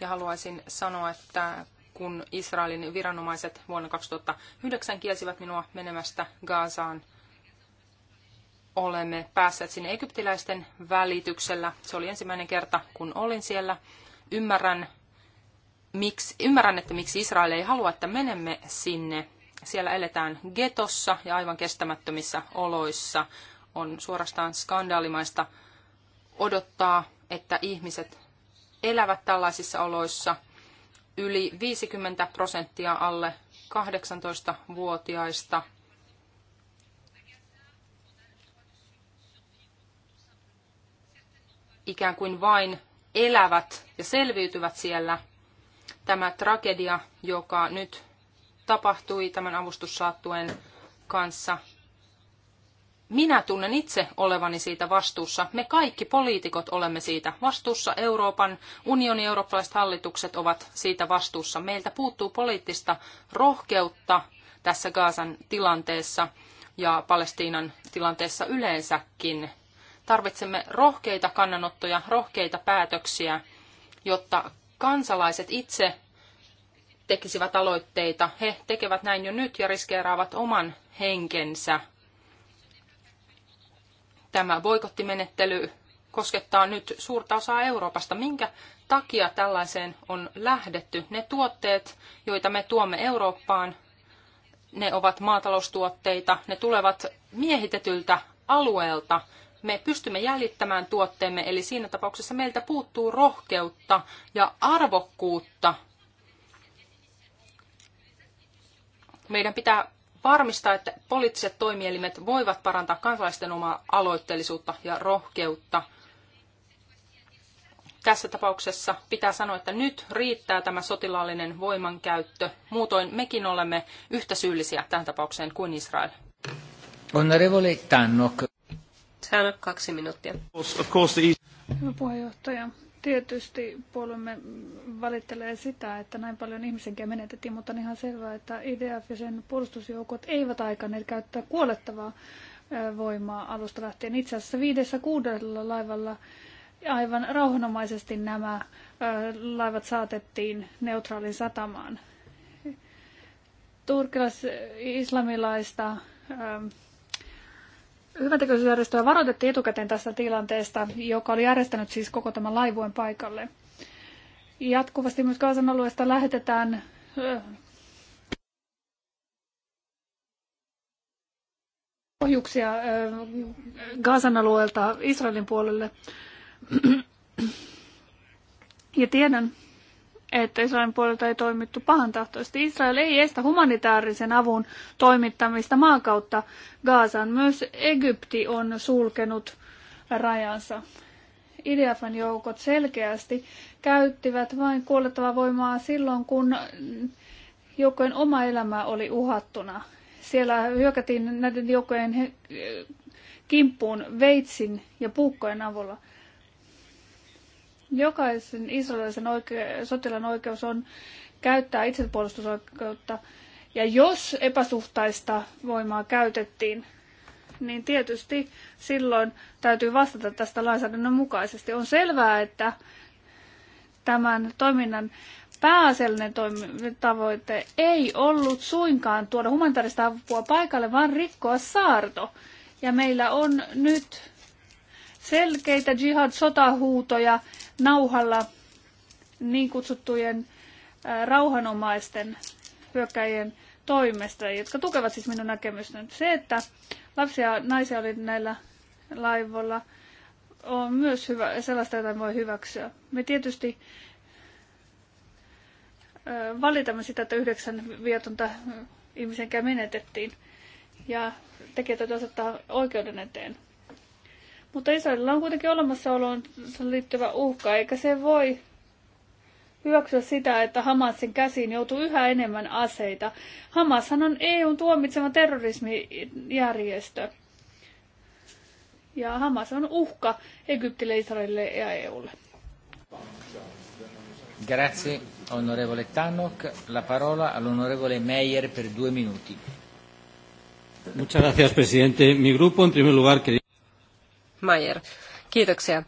ja haluaisin sanoa, että kun Israelin viranomaiset vuonna 2009 kielsivät minua menemästä Gazaan. Olemme päässeet sinne egyptiläisten välityksellä. Se oli ensimmäinen kerta, kun olin siellä. Ymmärrän, miksi, ymmärrän että miksi Israel ei halua, että menemme sinne. Siellä eletään getossa ja aivan kestämättömissä oloissa. On suorastaan skandaalimaista odottaa, että ihmiset elävät tällaisissa oloissa – yli 50 prosenttia alle 18-vuotiaista. ikään kuin vain elävät ja selviytyvät siellä. Tämä tragedia, joka nyt tapahtui tämän avustussaattuen kanssa, minä tunnen itse olevani siitä vastuussa. Me kaikki poliitikot olemme siitä vastuussa. Euroopan unionin eurooppalaiset hallitukset ovat siitä vastuussa. Meiltä puuttuu poliittista rohkeutta tässä Gaasan tilanteessa ja Palestiinan tilanteessa yleensäkin. Tarvitsemme rohkeita kannanottoja, rohkeita päätöksiä, jotta kansalaiset itse tekisivät aloitteita. He tekevät näin jo nyt ja riskeeraavat oman henkensä – tämä boikottimenettely koskettaa nyt suurta osaa Euroopasta. Minkä takia tällaiseen on lähdetty? Ne tuotteet, joita me tuomme Eurooppaan, ne ovat maataloustuotteita, ne tulevat miehitetyltä alueelta. Me pystymme jäljittämään tuotteemme, eli siinä tapauksessa meiltä puuttuu rohkeutta ja arvokkuutta. Meidän pitää varmistaa, että poliittiset toimielimet voivat parantaa kansalaisten omaa aloitteellisuutta ja rohkeutta. Tässä tapauksessa pitää sanoa, että nyt riittää tämä sotilaallinen voimankäyttö. Muutoin mekin olemme yhtä syyllisiä tähän tapaukseen kuin Israel. Honorable Tannok. Tannok, kaksi minuuttia. puheenjohtaja. Tietysti puolueemme valittelee sitä, että näin paljon ihmisenkin menetettiin, mutta on ihan selvää, että IDF ja sen puolustusjoukot eivät aikaneet käyttää kuolettavaa voimaa alusta lähtien. Itse asiassa viidessä kuudella laivalla aivan rauhanomaisesti nämä laivat saatettiin neutraalin satamaan. Turkilais-islamilaista hyväntekoisuusjärjestöä varoitettiin etukäteen tästä tilanteesta, joka oli järjestänyt siis koko tämän laivueen paikalle. Jatkuvasti myös Kaasan alueesta lähetetään ohjuksia Gaasan alueelta Israelin puolelle. Ja tiedän, että Israelin puolelta ei toimittu pahantahtoisesti. Israel ei estä humanitaarisen avun toimittamista maakautta Gaasaan. Myös Egypti on sulkenut rajansa. IDFn joukot selkeästi käyttivät vain kuolettavaa voimaa silloin, kun joukkojen oma elämä oli uhattuna. Siellä hyökätiin näiden joukkojen kimppuun veitsin ja puukkojen avulla – Jokaisen israelilaisen oike- sotilaan oikeus on käyttää itsepuolustusoikeutta. Ja jos epäsuhtaista voimaa käytettiin, niin tietysti silloin täytyy vastata tästä lainsäädännön mukaisesti. On selvää, että tämän toiminnan pääasiallinen toimi- tavoite ei ollut suinkaan tuoda humanitaarista apua paikalle, vaan rikkoa saarto. Ja meillä on nyt selkeitä jihad-sotahuutoja nauhalla niin kutsuttujen rauhanomaisten hyökkäjien toimesta, jotka tukevat siis minun näkemystäni. Se, että lapsia ja naisia oli näillä laivoilla, on myös hyvä, sellaista, jota voi hyväksyä. Me tietysti valitamme sitä, että yhdeksän vietonta ihmisenkään menetettiin ja tekijät osoittaa oikeuden eteen. Mutta Israelilla on kuitenkin olemassaoloon liittyvä uhka, eikä se voi hyväksyä sitä, että Hamasin käsiin joutuu yhä enemmän aseita. Hamashan on EUn tuomitsema terrorismijärjestö. Ja Hamas on uhka Egyptille, Israelille ja EUlle. Grazie, onorevole Tannock. La parola all'onorevole Meyer per due minuti. Muchas gracias, presidente. Mi grupo, en primer lugar, quería... Mayer. Kiitoksia.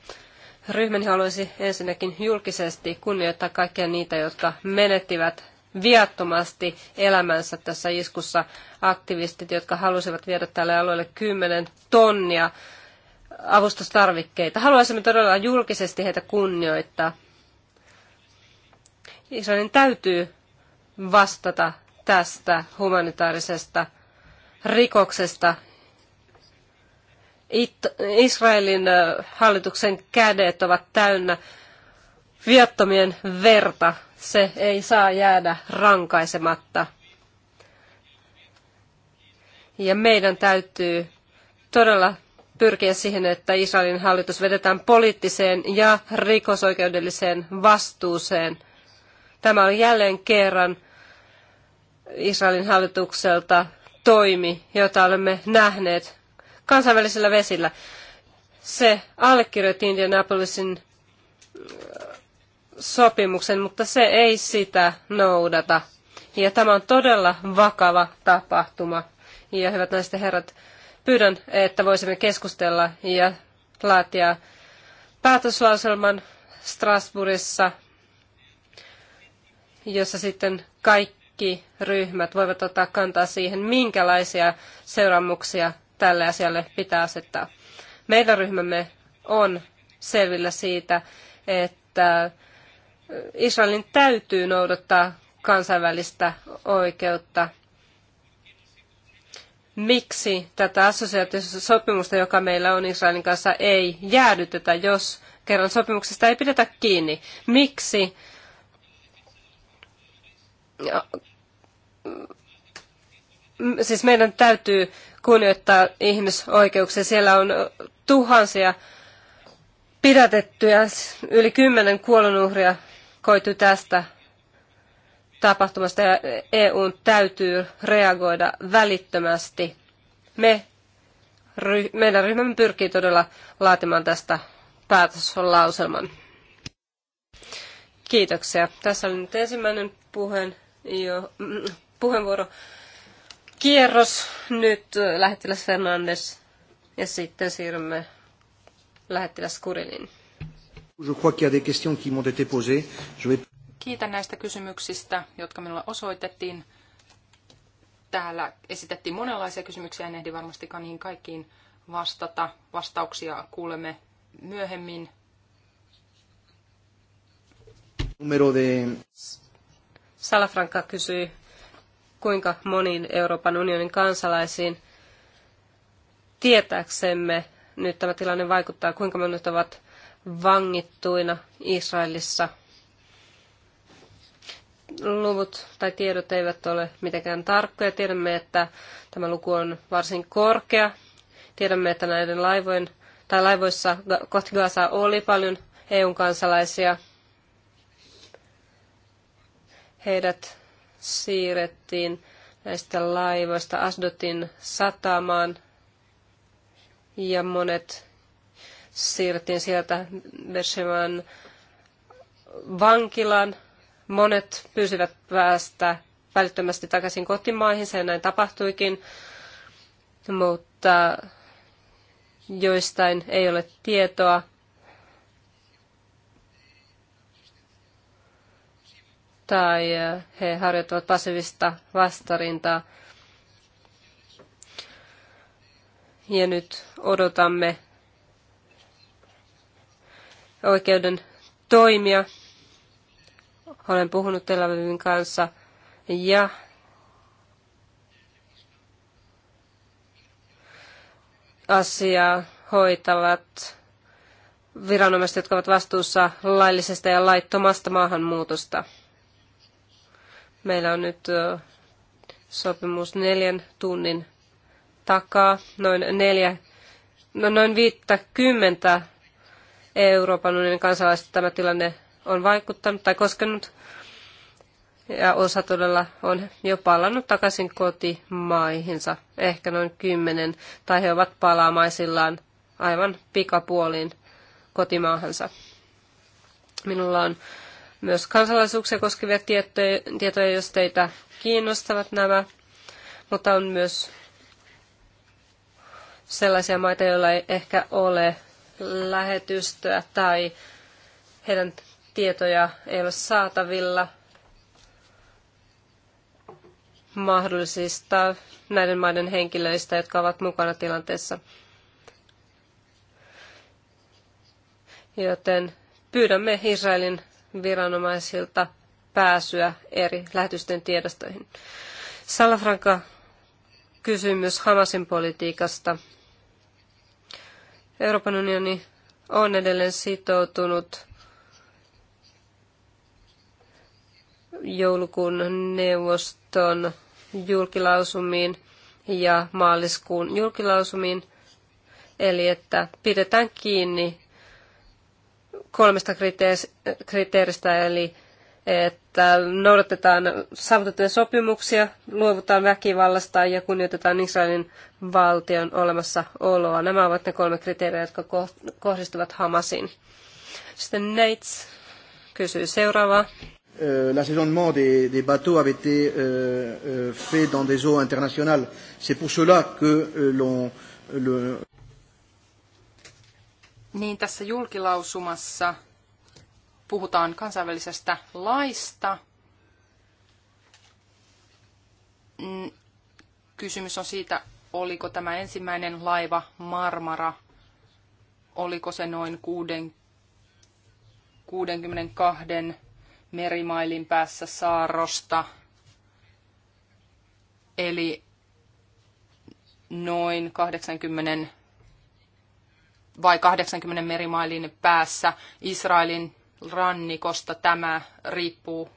Ryhmäni haluaisi ensinnäkin julkisesti kunnioittaa kaikkia niitä, jotka menettivät viattomasti elämänsä tässä iskussa aktivistit, jotka halusivat viedä tälle alueelle 10 tonnia avustustarvikkeita. Haluaisimme todella julkisesti heitä kunnioittaa. Israelin täytyy vastata tästä humanitaarisesta rikoksesta, Israelin hallituksen kädet ovat täynnä viattomien verta. Se ei saa jäädä rankaisematta. Ja meidän täytyy todella pyrkiä siihen, että Israelin hallitus vedetään poliittiseen ja rikosoikeudelliseen vastuuseen. Tämä on jälleen kerran Israelin hallitukselta toimi, jota olemme nähneet kansainvälisillä vesillä. Se allekirjoitti Indianapolisin äh, sopimuksen, mutta se ei sitä noudata. Ja tämä on todella vakava tapahtuma. Ja hyvät naiset ja herrat, pyydän, että voisimme keskustella ja laatia päätöslauselman Strasbourgissa, jossa sitten kaikki ryhmät voivat ottaa kantaa siihen, minkälaisia seuraamuksia tälle asialle pitää asettaa. Meidän ryhmämme on selvillä siitä, että Israelin täytyy noudattaa kansainvälistä oikeutta. Miksi tätä assosiaatiosopimusta, joka meillä on Israelin kanssa, ei jäädytetä, jos kerran sopimuksesta ei pidetä kiinni? Miksi siis meidän täytyy kunnioittaa ihmisoikeuksia. Siellä on tuhansia pidätettyjä, yli kymmenen kuolonuhria koitu tästä tapahtumasta ja EUn täytyy reagoida välittömästi. Me, ry, meidän ryhmämme pyrkii todella laatimaan tästä päätöslauselman. Kiitoksia. Tässä oli nyt ensimmäinen puheen, jo, mm, puheenvuoro kierros nyt äh, lähettiläs Fernandes ja sitten siirrymme lähettiläs Kurilin. Kiitän näistä kysymyksistä, jotka minulle osoitettiin. Täällä esitettiin monenlaisia kysymyksiä, en ehdi varmastikaan niihin kaikkiin vastata. Vastauksia kuulemme myöhemmin. Numero de... Salafranca kysyi kuinka moniin Euroopan unionin kansalaisiin tietääksemme nyt tämä tilanne vaikuttaa, kuinka monet ovat vangittuina Israelissa. Luvut tai tiedot eivät ole mitenkään tarkkoja. Tiedämme, että tämä luku on varsin korkea. Tiedämme, että näiden laivojen tai laivoissa kohti Gazaa oli paljon EUn kansalaisia. Heidät siirrettiin näistä laivoista Asdotin satamaan ja monet siirrettiin sieltä Bersheman vankilan. Monet pyysivät päästä välittömästi takaisin kotimaihin, se näin tapahtuikin, mutta joistain ei ole tietoa. tai he harjoittavat passiivista vastarintaa. Ja nyt odotamme oikeuden toimia. Olen puhunut Tel Avivin kanssa ja asiaa hoitavat viranomaiset, jotka ovat vastuussa laillisesta ja laittomasta maahanmuutosta. Meillä on nyt sopimus neljän tunnin takaa, noin neljä, no noin viittä kymmentä Euroopan unionin kansalaisista tämä tilanne on vaikuttanut tai koskenut. Ja osa todella on jo palannut takaisin kotimaihinsa, ehkä noin kymmenen, tai he ovat palaamaisillaan aivan pikapuoliin kotimaahansa. Minulla on myös kansalaisuuksia koskevia tietoja, tietoja, jos teitä kiinnostavat nämä, mutta on myös sellaisia maita, joilla ei ehkä ole lähetystöä tai heidän tietoja ei ole saatavilla mahdollisista näiden maiden henkilöistä, jotka ovat mukana tilanteessa. Joten pyydämme Israelin viranomaisilta pääsyä eri lähetysten tiedostoihin. Salafranka kysymys Hamasin politiikasta. Euroopan unioni on edelleen sitoutunut joulukuun neuvoston julkilausumiin ja maaliskuun julkilausumiin, eli että pidetään kiinni kolmesta kriteeristä, eli että noudatetaan saavutettuja sopimuksia, luovutaan väkivallasta ja kunnioitetaan Israelin valtion olemassaoloa. Nämä ovat ne kolme kriteeriä, jotka kohdistuvat Hamasin. Sitten Neitz, kysyy seuraavaa. L'assaisonnement des, des bateaux avait été euh, fait dans des eaux internationales. C'est pour cela que euh, l'on le, niin tässä julkilausumassa puhutaan kansainvälisestä laista. Mm, kysymys on siitä, oliko tämä ensimmäinen laiva Marmara, oliko se noin 62 merimailin päässä saarosta, eli noin 80 vai 80 merimailin päässä Israelin rannikosta. Tämä riippuu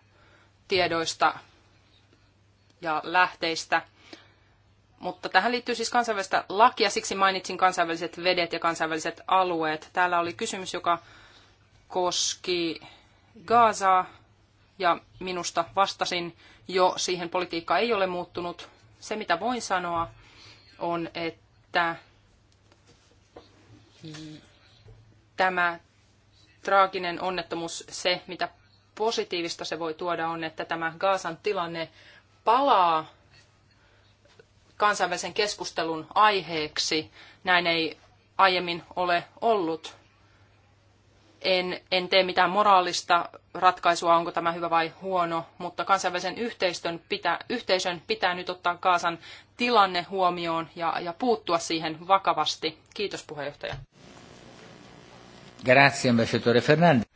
tiedoista ja lähteistä. Mutta tähän liittyy siis kansainvälistä lakia, siksi mainitsin kansainväliset vedet ja kansainväliset alueet. Täällä oli kysymys, joka koski Gazaa, ja minusta vastasin jo siihen politiikka ei ole muuttunut. Se, mitä voin sanoa, on, että tämä traaginen onnettomuus, se mitä positiivista se voi tuoda on, että tämä Gaasan tilanne palaa kansainvälisen keskustelun aiheeksi. Näin ei aiemmin ole ollut. En, en tee mitään moraalista ratkaisua, onko tämä hyvä vai huono, mutta kansainvälisen yhteisön pitää, yhteisön pitää nyt ottaa Kaasan tilanne huomioon ja, ja puuttua siihen vakavasti. Kiitos puheenjohtaja. Grazie, Fernandes.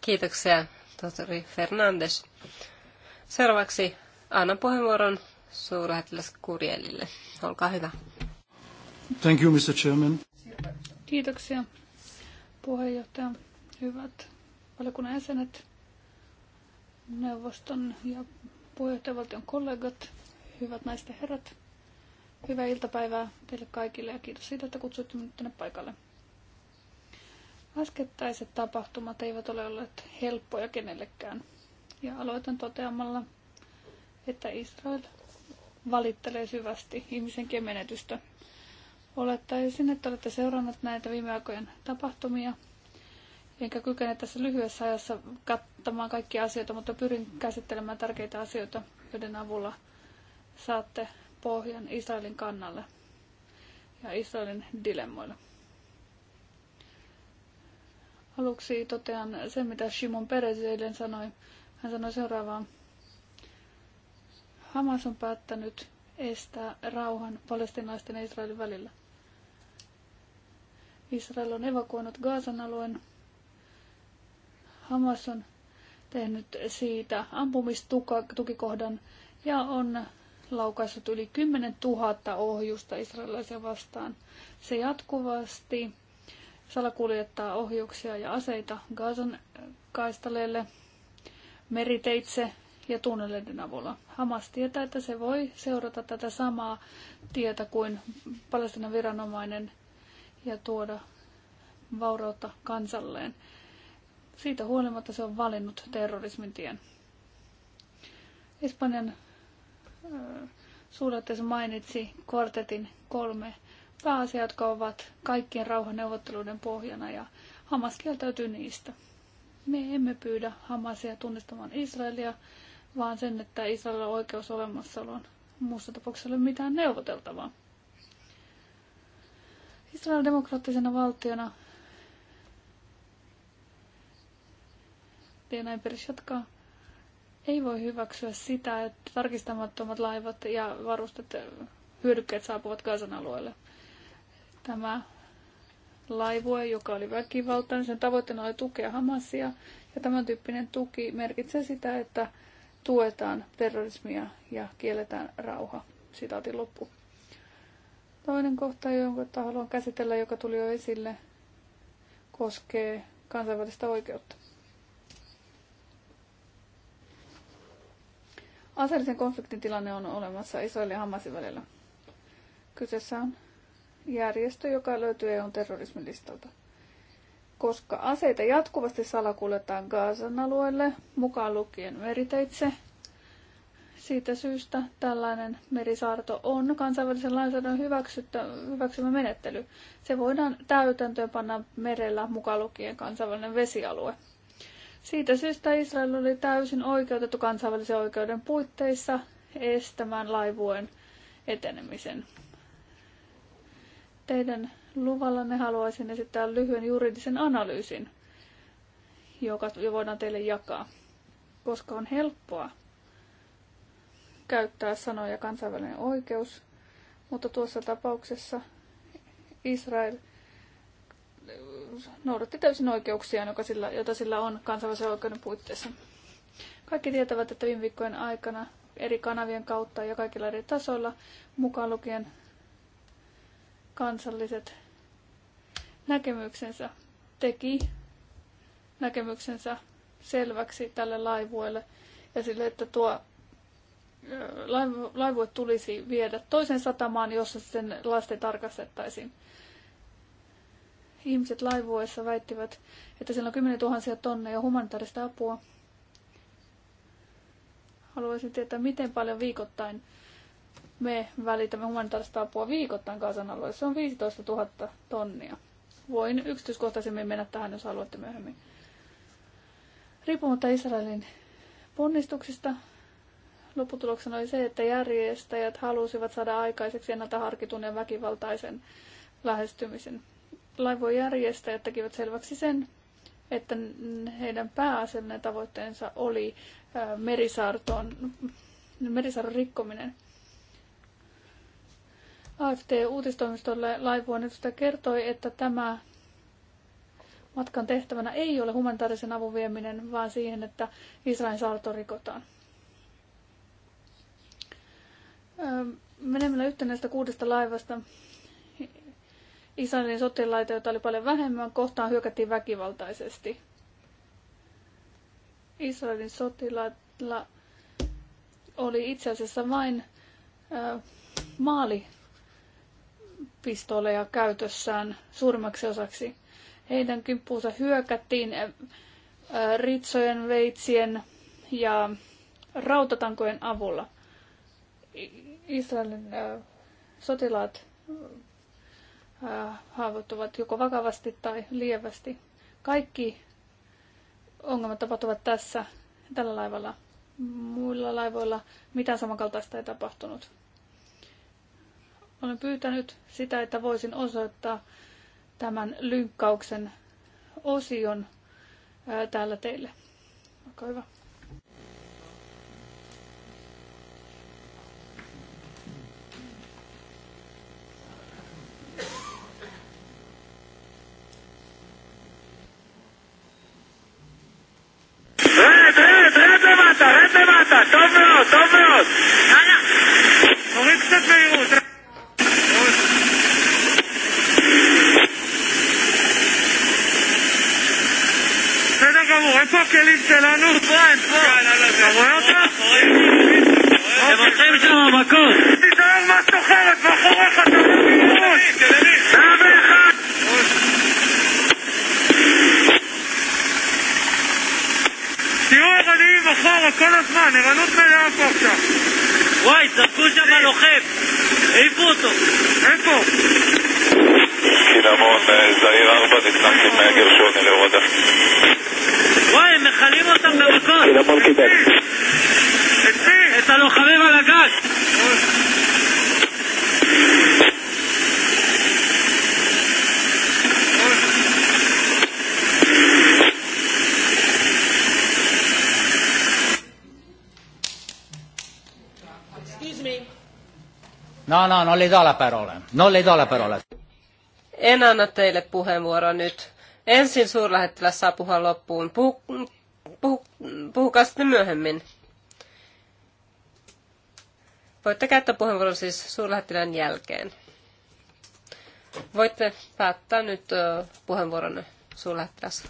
Kiitoksia, tohtori Fernandes. Seuraavaksi annan puheenvuoron suurlähettiläs Kurielille. Olkaa hyvä. Thank you, Mr. Chairman. Kiitoksia, puheenjohtaja. Hyvät valiokunnan jäsenet, neuvoston ja puheenjohtajavaltion kollegat, hyvät naisten herrat. Hyvää iltapäivää teille kaikille ja kiitos siitä, että kutsuitte minut tänne paikalle. Äskettäiset tapahtumat eivät ole olleet helppoja kenellekään. Ja aloitan toteamalla, että Israel valittelee syvästi ihmisen menetystä. Olettaisin, että olette seurannut näitä viime aikojen tapahtumia, enkä kykene tässä lyhyessä ajassa kattamaan kaikkia asioita, mutta pyrin käsittelemään tärkeitä asioita, joiden avulla saatte pohjan Israelin kannalle ja Israelin dilemmoille. Aluksi totean sen, mitä Simon Perez eilen sanoi. Hän sanoi seuraavaa. Hamas on päättänyt estää rauhan palestinaisten ja Israelin välillä. Israel on evakuoinut Gaasan alueen. Hamas on tehnyt siitä ampumistukikohdan ja on laukaissut yli 10 000 ohjusta israelaisia vastaan. Se jatkuvasti salakuljettaa ohjuksia ja aseita Gazan äh, kaistaleelle meriteitse ja tunneleiden avulla. Hamas tietää, että se voi seurata tätä samaa tietä kuin Palestinan viranomainen ja tuoda vaurautta kansalleen. Siitä huolimatta se on valinnut terrorismin tien. Espanjan äh, suurlähettiläs mainitsi kvartetin kolme pääasia, jotka ovat kaikkien rauhanneuvotteluiden pohjana ja Hamas kieltäytyy niistä. Me emme pyydä Hamasia tunnistamaan Israelia, vaan sen, että Israelilla on oikeus olemassaoloon. Muussa tapauksessa ei ole mitään neuvoteltavaa. Israel demokraattisena valtiona ja näin jatkaa. Ei voi hyväksyä sitä, että tarkistamattomat laivat ja varustet hyödykkeet saapuvat Gazan alueelle. Tämä laivue, joka oli väkivaltainen, sen tavoitteena oli tukea Hamasia. Ja tämän tyyppinen tuki merkitsee sitä, että tuetaan terrorismia ja kielletään rauha. Sitaatin loppu. Toinen kohta, jonka haluan käsitellä, joka tuli jo esille, koskee kansainvälistä oikeutta. Aseellisen konfliktin tilanne on olemassa Israelin ja Hamasin välillä. Kyseessä on järjestö, joka löytyy EUn terrorismin listalta. Koska aseita jatkuvasti salakuljetaan Gaasan alueelle, mukaan lukien meriteitse, siitä syystä tällainen merisaarto on kansainvälisen lainsäädännön hyväksymä menettely. Se voidaan täytäntöön panna merellä mukaan lukien kansainvälinen vesialue. Siitä syystä Israel oli täysin oikeutettu kansainvälisen oikeuden puitteissa estämään laivuen etenemisen. Teidän luvallanne haluaisin esittää lyhyen juridisen analyysin, joka voidaan teille jakaa, koska on helppoa käyttää sanoja kansainvälinen oikeus, mutta tuossa tapauksessa Israel noudatti täysin oikeuksia, joka sillä, jota sillä on kansainvälisen oikeuden puitteissa. Kaikki tietävät, että viime viikkojen aikana eri kanavien kautta ja kaikilla eri tasoilla, mukaan lukien kansalliset näkemyksensä, teki näkemyksensä selväksi tälle laivuelle ja sille, että tuo laivue tulisi viedä toisen satamaan, jossa sen lasten tarkastettaisiin. Ihmiset laivuessa väittivät, että siellä on kymmenen tuhansia tonneja humanitaarista apua. Haluaisin tietää, miten paljon viikoittain me välitämme humanitaarista apua viikoittain Gazan alueelle. Se on 15 000 tonnia. Voin yksityiskohtaisemmin mennä tähän, jos haluatte myöhemmin. Riippumatta Israelin ponnistuksista, lopputuloksena oli se, että järjestäjät halusivat saada aikaiseksi ennalta harkitun ja väkivaltaisen lähestymisen. Laivojärjestäjät tekivät selväksi sen, että heidän pääasiallinen tavoitteensa oli merisaarton, merisaarton rikkominen. AFT-uutistoimistolle laivuon edustaja kertoi, että tämä matkan tehtävänä ei ole humanitaarisen avun vieminen, vaan siihen, että Israelin saarto rikotaan. Menemällä yhtä näistä kuudesta laivasta Israelin sotilaita, joita oli paljon vähemmän, kohtaan hyökättiin väkivaltaisesti. Israelin sotilailla oli itse asiassa vain maali pistooleja käytössään suurimmaksi osaksi. Heidän kimppuunsa hyökättiin eh, eh, ritsojen, veitsien ja rautatankojen avulla. Israelin eh, sotilaat haavoittuvat joko vakavasti tai lievästi. Kaikki ongelmat tapahtuvat tässä, tällä laivalla. Muilla laivoilla mitään samankaltaista ei tapahtunut. Olen pyytänyt sitä, että voisin osoittaa tämän lynkkauksen osion ää, täällä teille. Olkaa hyvä. Red, red, red, red, הכלים שלנו? אתה רואה אותה? הם עושים שם מכות. תיזהר מה סוחרת מאחוריך, אתה רואה מיליון. תהיו ערניים אחורה כל הזמן, ערנות מלאה פה עכשיו. וואי, זרקו שם לוחם, העיפו אותו. איפה? קינמון, זעיר 4, נכנסתי מהגרשוני להורדה. וואי, הם מכלים אותם במכות! הנה, בוא נקיבל. את הלוחמים על הגג! No, no, no, le do la parola. No le do la parola. En anna teille puheenvuoroa nyt. Ensin suurlähettiläs saa puhua loppuun. Puhu, puhu, puhukaa sitten myöhemmin. Voitte käyttää puheenvuoron siis suurlähettilän jälkeen. Voitte päättää nyt puheenvuoronne suurlähettiläs.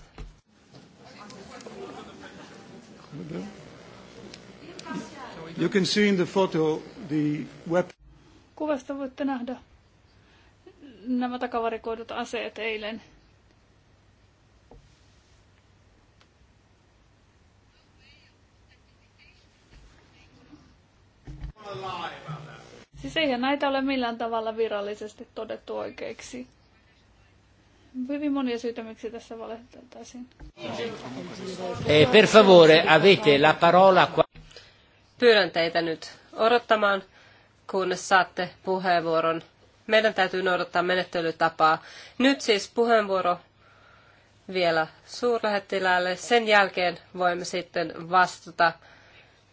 You can see in the photo the web... Kuvasta voitte nähdä nämä takavarikoidut aseet eilen Siis eihän näitä ole millään tavalla virallisesti todettu oikeiksi. Hyvin monia syitä, miksi tässä valehteltaisiin. Eh, per favore, avete la parola qua. Pyydän teitä nyt odottamaan, kunnes saatte puheenvuoron. Meidän täytyy noudattaa menettelytapaa. Nyt siis puheenvuoro vielä suurlähettiläälle. Sen jälkeen voimme sitten vastata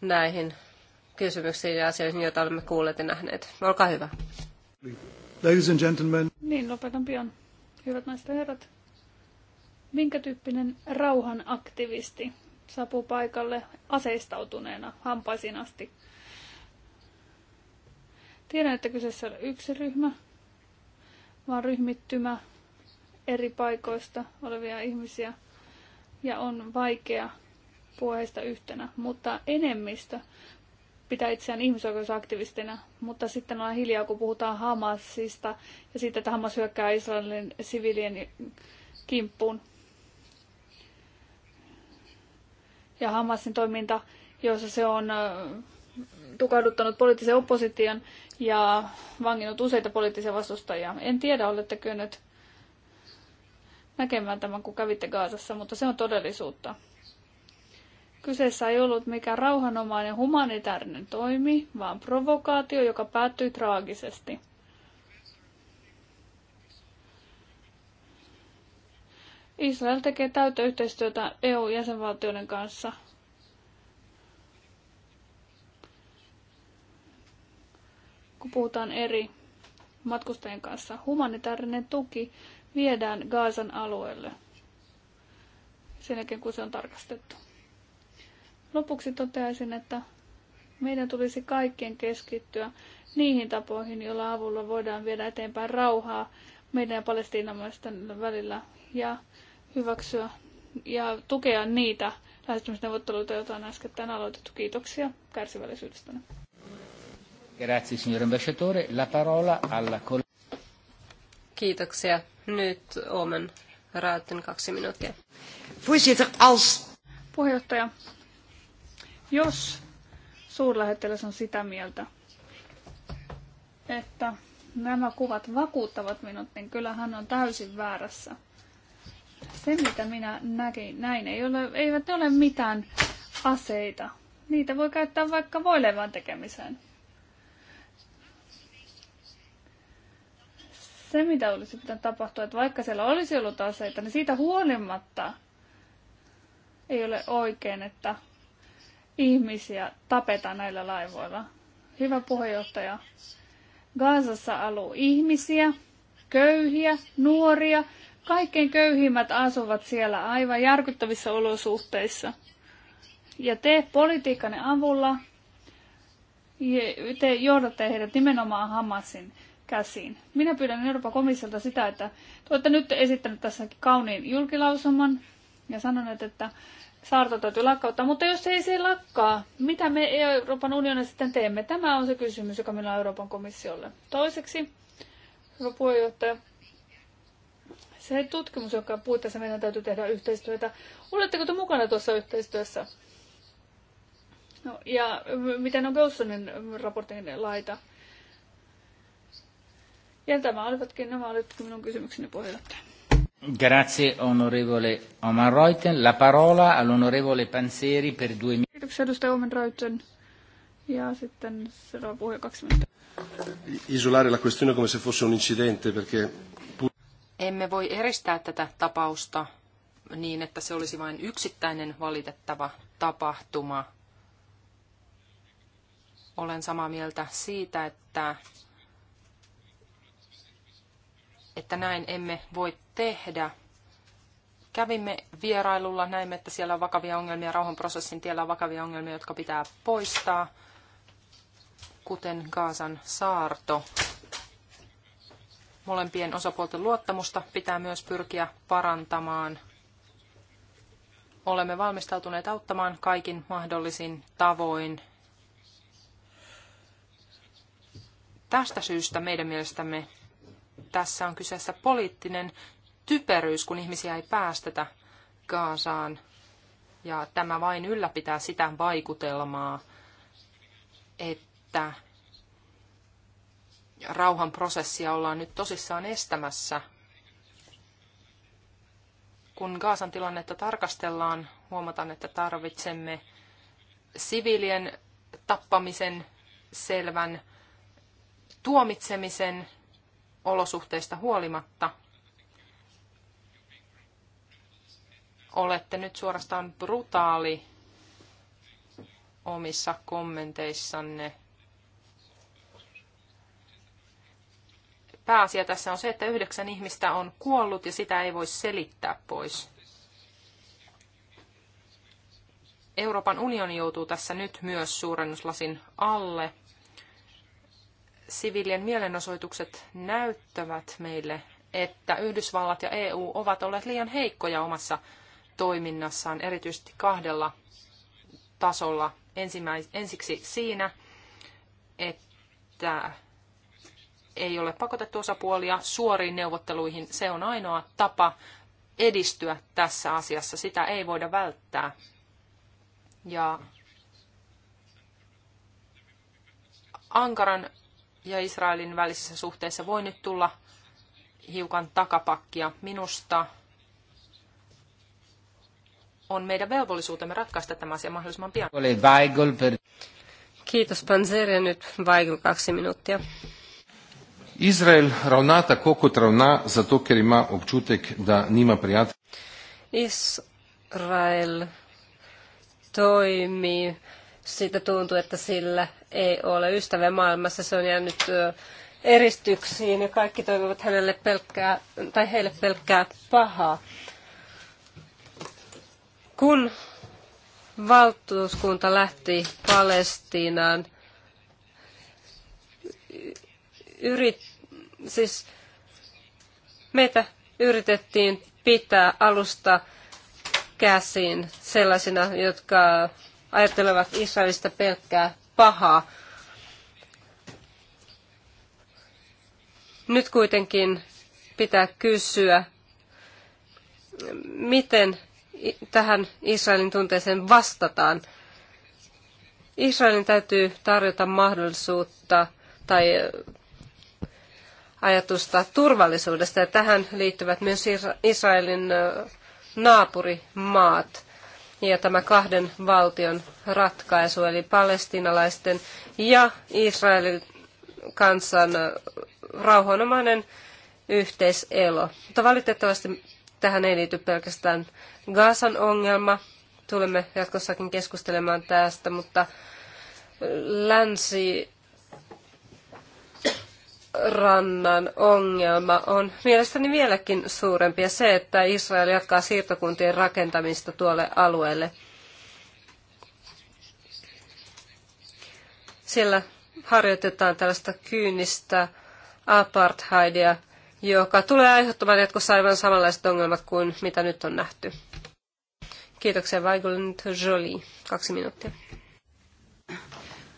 näihin kysymyksiin ja asioihin, joita olemme kuulleet ja nähneet. Olkaa hyvä. Ladies and gentlemen. Niin, lopetan pian. Hyvät naiset ja herrat. Minkä tyyppinen rauhan aktivisti saapuu paikalle aseistautuneena hampaisiin asti? Tiedän, että kyseessä on yksi ryhmä, vaan ryhmittymä eri paikoista olevia ihmisiä ja on vaikea puheista yhtenä, mutta enemmistö pitää itseään ihmisoikeusaktivistina, mutta sitten ollaan hiljaa, kun puhutaan Hamasista ja siitä, että Hamas hyökkää Israelin sivilien kimppuun. Ja Hamasin toiminta, jossa se on äh, tukahduttanut poliittisen opposition ja vanginnut useita poliittisia vastustajia. En tiedä, oletteko nyt näkemään tämän, kun kävitte Gaasassa, mutta se on todellisuutta. Kyseessä ei ollut mikään rauhanomainen humanitaarinen toimi, vaan provokaatio, joka päättyi traagisesti. Israel tekee täyttä yhteistyötä EU-jäsenvaltioiden kanssa. Kun puhutaan eri matkustajien kanssa, humanitaarinen tuki viedään Gaasan alueelle sen jälkeen, kun se on tarkastettu. Lopuksi toteaisin, että meidän tulisi kaikkien keskittyä niihin tapoihin, joilla avulla voidaan viedä eteenpäin rauhaa meidän ja palestiinamaisten välillä ja hyväksyä ja tukea niitä lähestymisneuvotteluita, joita on äskettäin aloitettu. Kiitoksia kärsivällisyydestä. Grazie, signor ambasciatore. La parola alla Kiitoksia. Nyt Omen raatin kaksi minuuttia. Voorzitter, als... Puheenjohtaja, jos suurlähettiläs on sitä mieltä, että nämä kuvat vakuuttavat minut, niin kyllä hän on täysin väärässä. Se, mitä minä näkin, näin, ei ole, eivät ne ole mitään aseita. Niitä voi käyttää vaikka voilevan tekemiseen. Se, mitä olisi pitänyt tapahtua, että vaikka siellä olisi ollut aseita, niin siitä huolimatta ei ole oikein, että ihmisiä tapeta näillä laivoilla. Hyvä puheenjohtaja. Gaasassa aluu ihmisiä, köyhiä, nuoria. Kaikkein köyhimmät asuvat siellä aivan järkyttävissä olosuhteissa. Ja te politiikkanne avulla te johdatte heidät nimenomaan Hamasin käsiin. Minä pyydän Euroopan komissiolta sitä, että te olette nyt esittänyt tässä kauniin julkilausuman ja sanoneet, että saarto täytyy lakkauttaa, mutta jos ei se lakkaa, mitä me Euroopan unionissa sitten teemme? Tämä on se kysymys, joka meillä on Euroopan komissiolle. Toiseksi, hyvä puheenjohtaja, se tutkimus, joka puitteissa meidän täytyy tehdä yhteistyötä, oletteko te mukana tuossa yhteistyössä? No, ja miten on Golsonin raportin laita? Ja tämä olivatkin, nämä olivatkin minun kysymykseni puheenjohtaja. Grazie onorevole Oman Reuten. La parola all'onorevole per due Kiitoksia edustaja Oman Reuten. Ja sitten seuraava kaksi minuuttia. Isolare la questione come se fosse un incidente perché... Emme voi eristää tätä tapausta niin, että se olisi vain yksittäinen valitettava tapahtuma. Olen samaa mieltä siitä, että että näin emme voi tehdä. Kävimme vierailulla, näimme, että siellä on vakavia ongelmia, rauhanprosessin tiellä on vakavia ongelmia, jotka pitää poistaa, kuten Gaasan saarto. Molempien osapuolten luottamusta pitää myös pyrkiä parantamaan. Olemme valmistautuneet auttamaan kaikin mahdollisin tavoin. Tästä syystä meidän mielestämme tässä on kyseessä poliittinen typeryys, kun ihmisiä ei päästetä Gaasaan. Ja tämä vain ylläpitää sitä vaikutelmaa, että rauhanprosessia ollaan nyt tosissaan estämässä. Kun Gaasan tilannetta tarkastellaan, huomataan, että tarvitsemme siviilien tappamisen selvän tuomitsemisen olosuhteista huolimatta olette nyt suorastaan brutaali omissa kommenteissanne. Pääasia tässä on se, että yhdeksän ihmistä on kuollut ja sitä ei voi selittää pois. Euroopan unioni joutuu tässä nyt myös suurennuslasin alle siviilien mielenosoitukset näyttävät meille, että Yhdysvallat ja EU ovat olleet liian heikkoja omassa toiminnassaan, erityisesti kahdella tasolla. Ensimmäis- ensiksi siinä, että ei ole pakotettu osapuolia suoriin neuvotteluihin. Se on ainoa tapa edistyä tässä asiassa. Sitä ei voida välttää. Ja Ankaran ja Israelin välisessä suhteessa voi nyt tulla hiukan takapakkia. Minusta on meidän velvollisuutemme ratkaista tämä asia mahdollisimman pian. Kiitos Panzeri. Nyt Weigl kaksi minuuttia. Israel ravna tako kot ravna, zato ker ima občutek, da nima prijatelja. Israel toimii. Siitä tuntuu, että sillä ei ole ystävä maailmassa. Se on jäänyt eristyksiin ja kaikki toivovat hänelle pelkkää, tai heille pelkkää pahaa. Kun valtuuskunta lähti Palestiinaan, yrit, siis meitä yritettiin pitää alusta käsiin sellaisina, jotka ajattelevat Israelista pelkkää pahaa. Nyt kuitenkin pitää kysyä, miten tähän Israelin tunteeseen vastataan. Israelin täytyy tarjota mahdollisuutta tai ajatusta turvallisuudesta ja tähän liittyvät myös Israelin naapurimaat ja tämä kahden valtion ratkaisu, eli palestinalaisten ja Israelin kansan rauhanomainen yhteiselo. Mutta valitettavasti tähän ei liity pelkästään Gaasan ongelma. Tulemme jatkossakin keskustelemaan tästä, mutta länsi rannan ongelma on mielestäni vieläkin suurempi ja se, että Israel jatkaa siirtokuntien rakentamista tuolle alueelle. Siellä harjoitetaan tällaista kyynistä apartheidia, joka tulee aiheuttamaan jatkossa aivan samanlaiset ongelmat kuin mitä nyt on nähty. Kiitoksia, Vaigulin Jolie. Kaksi minuuttia.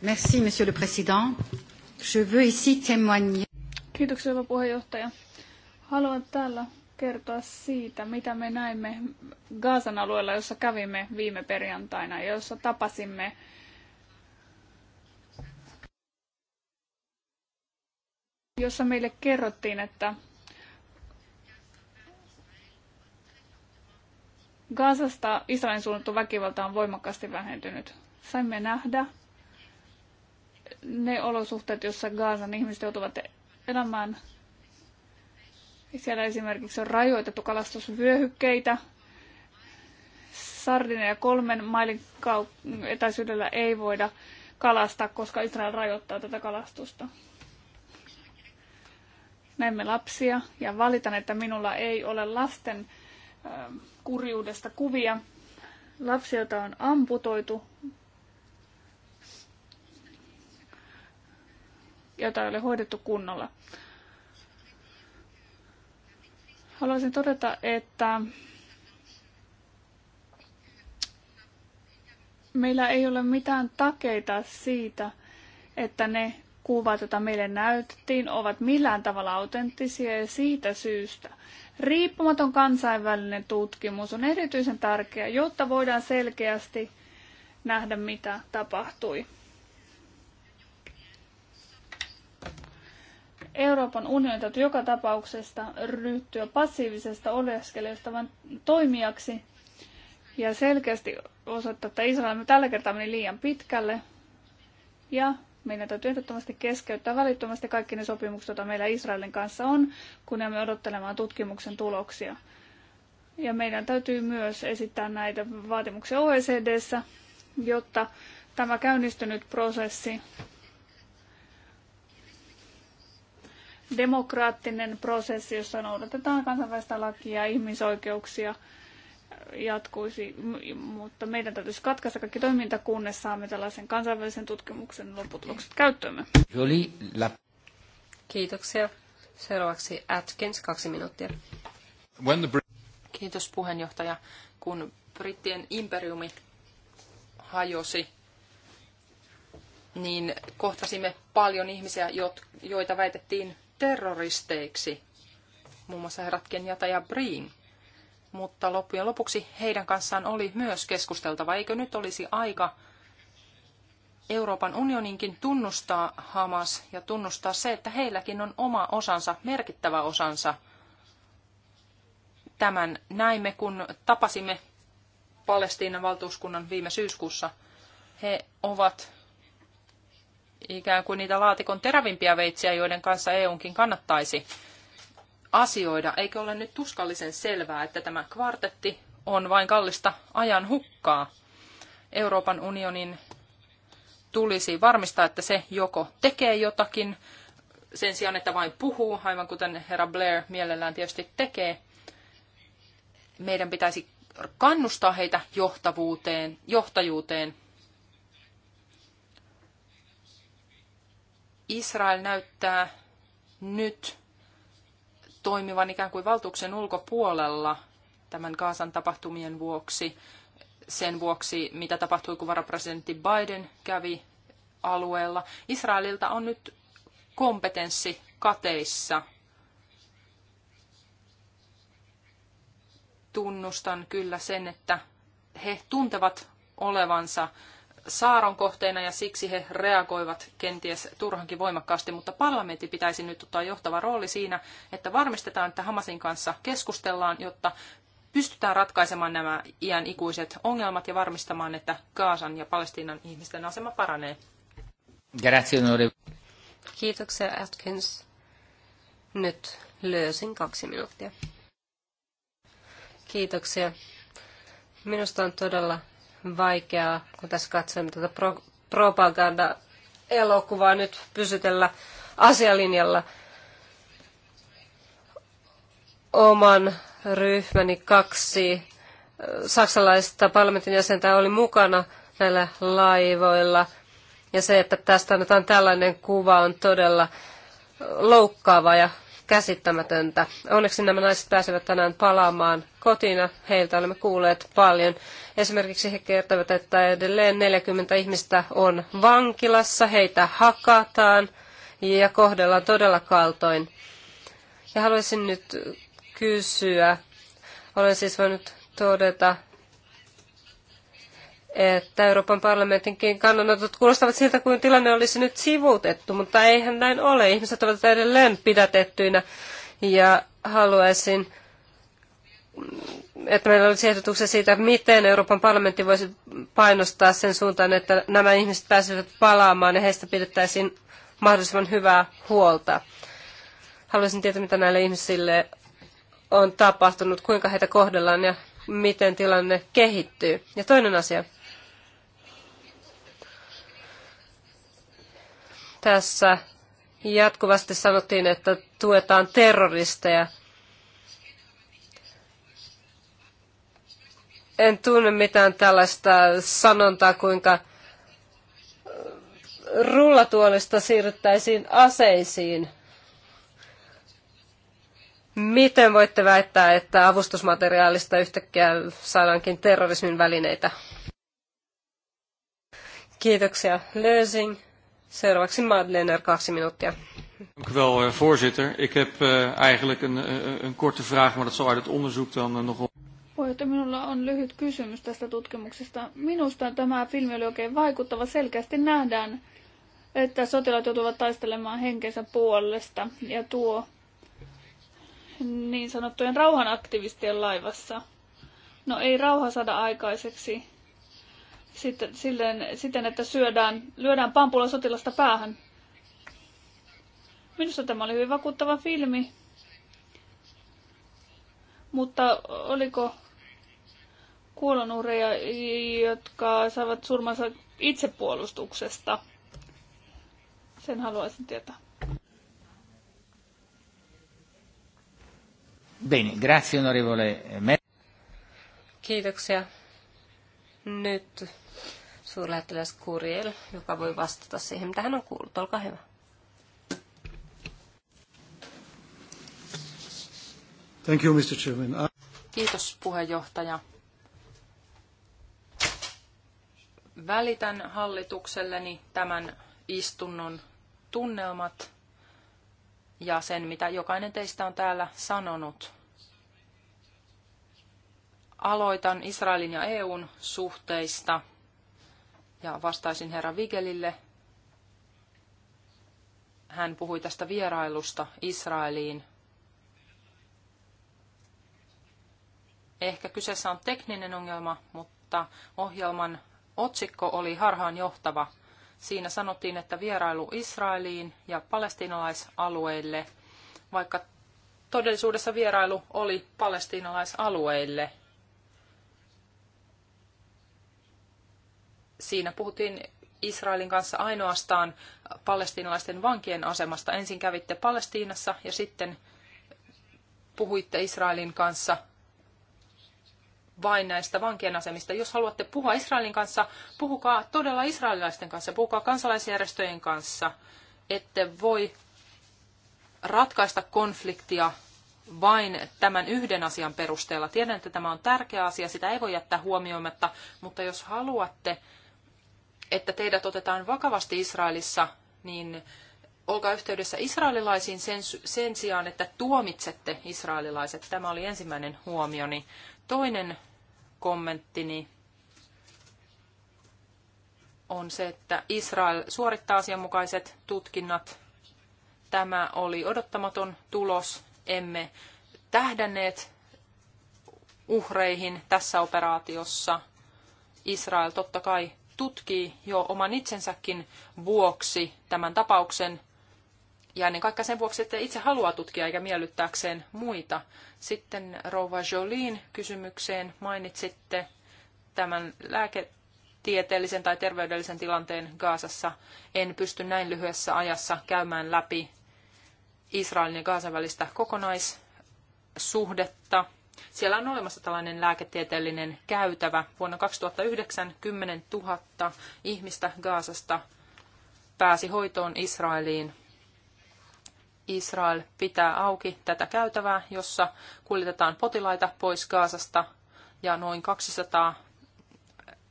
Merci, monsieur le président. Je veux ici témoigner. Kiitoksia, hyvä puheenjohtaja. Haluan täällä kertoa siitä, mitä me näimme Gaasan alueella, jossa kävimme viime perjantaina, jossa tapasimme jossa meille kerrottiin, että Gaasasta Israelin suunnattu väkivalta on voimakkaasti vähentynyt. Saimme nähdä, ne olosuhteet, joissa Gaasan ihmiset joutuvat elämään. Siellä esimerkiksi on rajoitettu kalastusvyöhykkeitä. Sardinen ja kolmen mailin etäisyydellä ei voida kalastaa, koska Israel rajoittaa tätä kalastusta. Näemme lapsia ja valitan, että minulla ei ole lasten ähm, kurjuudesta kuvia. Lapsia, joita on amputoitu, jota ei ole hoidettu kunnolla. Haluaisin todeta, että meillä ei ole mitään takeita siitä, että ne kuvat, joita meille näytettiin, ovat millään tavalla autenttisia ja siitä syystä riippumaton kansainvälinen tutkimus on erityisen tärkeä, jotta voidaan selkeästi nähdä, mitä tapahtui. Euroopan unionin täytyy joka tapauksessa ryhtyä passiivisesta oleskelijasta vaan toimijaksi ja selkeästi osoittaa, että Israel tällä kertaa meni liian pitkälle ja meidän täytyy ehdottomasti keskeyttää välittömästi kaikki ne sopimukset, joita meillä Israelin kanssa on, kun jäämme odottelemaan tutkimuksen tuloksia. Ja meidän täytyy myös esittää näitä vaatimuksia OECDssä, jotta tämä käynnistynyt prosessi demokraattinen prosessi, jossa noudatetaan kansainvälistä lakia ja ihmisoikeuksia jatkuisi, mutta meidän täytyisi katkaista kaikki toiminta, kunnes saamme tällaisen kansainvälisen tutkimuksen lopputulokset käyttöömme. Kiitoksia. Seuraavaksi Atkins, kaksi minuuttia. Kiitos puheenjohtaja. Kun brittien imperiumi hajosi, niin kohtasimme paljon ihmisiä, joita väitettiin terroristeiksi, muun muassa herrat Kenjata ja Breen. Mutta loppujen lopuksi heidän kanssaan oli myös keskusteltava. Eikö nyt olisi aika Euroopan unioninkin tunnustaa Hamas ja tunnustaa se, että heilläkin on oma osansa, merkittävä osansa. Tämän näimme, kun tapasimme Palestiinan valtuuskunnan viime syyskuussa. He ovat ikään kuin niitä laatikon terävimpiä veitsiä, joiden kanssa EUnkin kannattaisi asioida. Eikö ole nyt tuskallisen selvää, että tämä kvartetti on vain kallista ajan hukkaa? Euroopan unionin tulisi varmistaa, että se joko tekee jotakin sen sijaan, että vain puhuu, aivan kuten herra Blair mielellään tietysti tekee. Meidän pitäisi kannustaa heitä johtavuuteen, johtajuuteen Israel näyttää nyt toimivan ikään kuin valtuuksen ulkopuolella tämän Kaasan tapahtumien vuoksi, sen vuoksi, mitä tapahtui, kun varapresidentti Biden kävi alueella. Israelilta on nyt kompetenssi kateissa. Tunnustan kyllä sen, että he tuntevat olevansa saaron kohteena ja siksi he reagoivat kenties turhankin voimakkaasti, mutta parlamentti pitäisi nyt ottaa johtava rooli siinä, että varmistetaan, että Hamasin kanssa keskustellaan, jotta pystytään ratkaisemaan nämä iän ikuiset ongelmat ja varmistamaan, että Kaasan ja Palestiinan ihmisten asema paranee. Kiitoksia Atkins. Nyt löysin kaksi minuuttia. Kiitoksia. Minusta on todella vaikeaa, kun tässä katsoimme tätä pro- propaganda-elokuvaa nyt pysytellä asialinjalla. Oman ryhmäni kaksi saksalaista parlamentin jäsentä oli mukana näillä laivoilla. Ja se, että tästä annetaan tällainen kuva, on todella loukkaava ja käsittämätöntä. Onneksi nämä naiset pääsevät tänään palaamaan kotiin. Heiltä olemme kuulleet paljon. Esimerkiksi he kertovat, että edelleen 40 ihmistä on vankilassa. Heitä hakataan ja kohdellaan todella kaltoin. Ja haluaisin nyt kysyä, olen siis voinut todeta, että Euroopan parlamentinkin kannanotot kuulostavat siltä, kuin tilanne olisi nyt sivuutettu, mutta eihän näin ole. Ihmiset ovat edelleen pidätettyinä ja haluaisin, että meillä olisi ehdotuksia siitä, miten Euroopan parlamentti voisi painostaa sen suuntaan, että nämä ihmiset pääsevät palaamaan ja heistä pidettäisiin mahdollisimman hyvää huolta. Haluaisin tietää, mitä näille ihmisille on tapahtunut, kuinka heitä kohdellaan ja miten tilanne kehittyy. Ja toinen asia. Tässä jatkuvasti sanottiin, että tuetaan terroristeja. En tunne mitään tällaista sanontaa, kuinka rullatuolista siirryttäisiin aseisiin. Miten voitte väittää, että avustusmateriaalista yhtäkkiä saadaankin terrorismin välineitä? Kiitoksia, Lösing. Seuraavaksi Madlener, kaksi minuuttia. Dank u wel, eh, voorzitter. Ik heb uh, eigenlijk een, uh, een korte vraag, maar dat zal uit het onderzoek dan uh, nog op. Puheenjohtaja, minulla on lyhyt kysymys tästä tutkimuksesta. Minusta tämä filmi oli oikein vaikuttava. Selkeästi nähdään, että sotilaat joutuvat taistelemaan henkensä puolesta ja tuo niin sanottujen rauhanaktivistien laivassa. No ei rauha saada aikaiseksi sitten, silleen, siten, että syödään, lyödään pampulla sotilasta päähän. Minusta tämä oli hyvin vakuuttava filmi. Mutta oliko kuolonuhreja, jotka saavat surmansa itsepuolustuksesta? Sen haluaisin tietää. Bene, grazie onorevole. Kiitoksia. Nyt suurlähettiläs Kuriel, joka voi vastata siihen, mitä hän on kuullut. Olkaa hyvä. Thank you, Mr. Chairman. Kiitos puheenjohtaja. Välitän hallitukselleni tämän istunnon tunnelmat ja sen, mitä jokainen teistä on täällä sanonut. Aloitan Israelin ja EUn suhteista – ja vastaisin herra Vigelille. Hän puhui tästä vierailusta Israeliin. Ehkä kyseessä on tekninen ongelma, mutta ohjelman otsikko oli harhaan johtava. Siinä sanottiin, että vierailu Israeliin ja palestiinalaisalueille, vaikka todellisuudessa vierailu oli palestiinalaisalueille – Siinä puhuttiin Israelin kanssa ainoastaan palestiinalaisten vankien asemasta. Ensin kävitte Palestiinassa ja sitten puhuitte Israelin kanssa vain näistä vankien asemista. Jos haluatte puhua Israelin kanssa, puhukaa todella israelilaisten kanssa, puhukaa kansalaisjärjestöjen kanssa. Ette voi ratkaista konfliktia vain tämän yhden asian perusteella. Tiedän, että tämä on tärkeä asia, sitä ei voi jättää huomioimatta, mutta jos haluatte että teidät otetaan vakavasti Israelissa, niin olkaa yhteydessä israelilaisiin sen, sen sijaan, että tuomitsette israelilaiset. Tämä oli ensimmäinen huomioni. Toinen kommenttini on se, että Israel suorittaa asianmukaiset tutkinnat. Tämä oli odottamaton tulos. Emme tähdänneet uhreihin tässä operaatiossa. Israel totta kai tutkii jo oman itsensäkin vuoksi tämän tapauksen ja ennen kaikkea sen vuoksi, että itse haluaa tutkia eikä miellyttääkseen muita. Sitten Rova Jolin kysymykseen mainitsitte tämän lääketieteellisen tai terveydellisen tilanteen Gaasassa. En pysty näin lyhyessä ajassa käymään läpi Israelin ja Gaasan välistä kokonaissuhdetta. Siellä on olemassa tällainen lääketieteellinen käytävä. Vuonna 2009 10 000 ihmistä Gaasasta pääsi hoitoon Israeliin. Israel pitää auki tätä käytävää, jossa kuljetetaan potilaita pois Gaasasta ja noin 200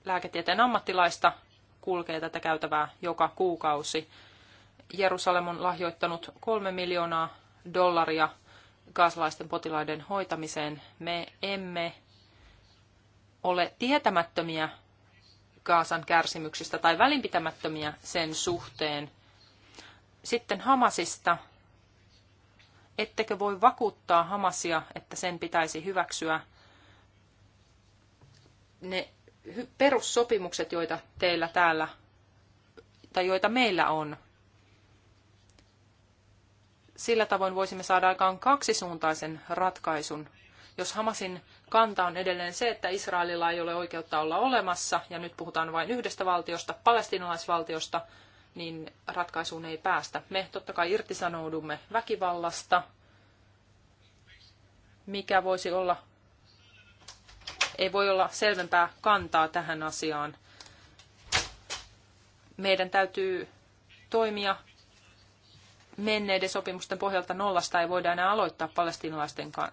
lääketieteen ammattilaista kulkee tätä käytävää joka kuukausi. Jerusalem on lahjoittanut 3 miljoonaa dollaria kaasalaisten potilaiden hoitamiseen. Me emme ole tietämättömiä Kaasan kärsimyksistä tai välinpitämättömiä sen suhteen. Sitten Hamasista. Ettekö voi vakuuttaa Hamasia, että sen pitäisi hyväksyä ne perussopimukset, joita teillä täällä tai joita meillä on. Sillä tavoin voisimme saada aikaan kaksisuuntaisen ratkaisun. Jos Hamasin kanta on edelleen se, että Israelilla ei ole oikeutta olla olemassa, ja nyt puhutaan vain yhdestä valtiosta, palestinalaisvaltiosta, niin ratkaisuun ei päästä. Me totta kai irtisanoudumme väkivallasta, mikä voisi olla, ei voi olla selvempää kantaa tähän asiaan. Meidän täytyy toimia menneiden sopimusten pohjalta nollasta ei voida enää aloittaa palestinalaistenkaan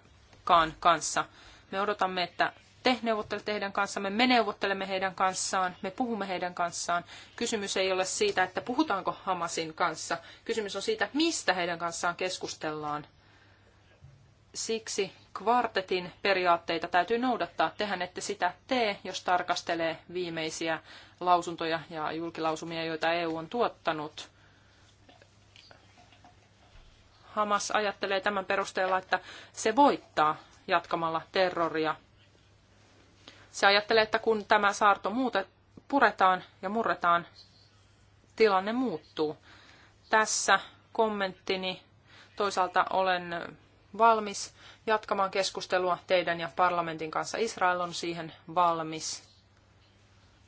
kanssa. Me odotamme, että te neuvottelette heidän kanssamme, me neuvottelemme heidän kanssaan, me puhumme heidän kanssaan. Kysymys ei ole siitä, että puhutaanko Hamasin kanssa. Kysymys on siitä, mistä heidän kanssaan keskustellaan. Siksi kvartetin periaatteita täytyy noudattaa. Tehän ette sitä tee, jos tarkastelee viimeisiä lausuntoja ja julkilausumia, joita EU on tuottanut. Hamas ajattelee tämän perusteella, että se voittaa jatkamalla terroria. Se ajattelee, että kun tämä saarto muutet, puretaan ja murretaan, tilanne muuttuu. Tässä kommenttini. Toisaalta olen valmis jatkamaan keskustelua teidän ja parlamentin kanssa. Israel on siihen valmis.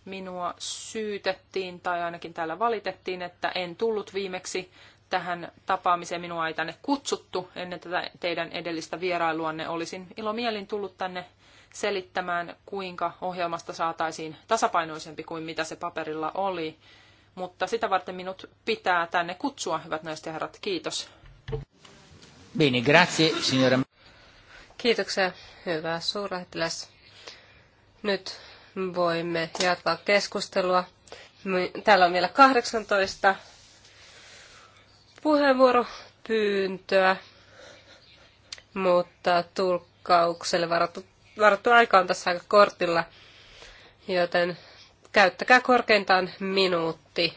Minua syytettiin tai ainakin täällä valitettiin, että en tullut viimeksi tähän tapaamiseen. Minua ei tänne kutsuttu ennen tätä teidän edellistä vierailuanne. Olisin ilomielin tullut tänne selittämään, kuinka ohjelmasta saataisiin tasapainoisempi kuin mitä se paperilla oli. Mutta sitä varten minut pitää tänne kutsua, hyvät naiset ja herrat. Kiitos. Bene, grazie, signora. Kiitoksia, hyvä suurlähettiläs. Nyt voimme jatkaa keskustelua. Täällä on vielä 18 puheenvuoropyyntöä, mutta tulkkaukselle varattu, varattu aika on tässä aika kortilla, joten käyttäkää korkeintaan minuutti.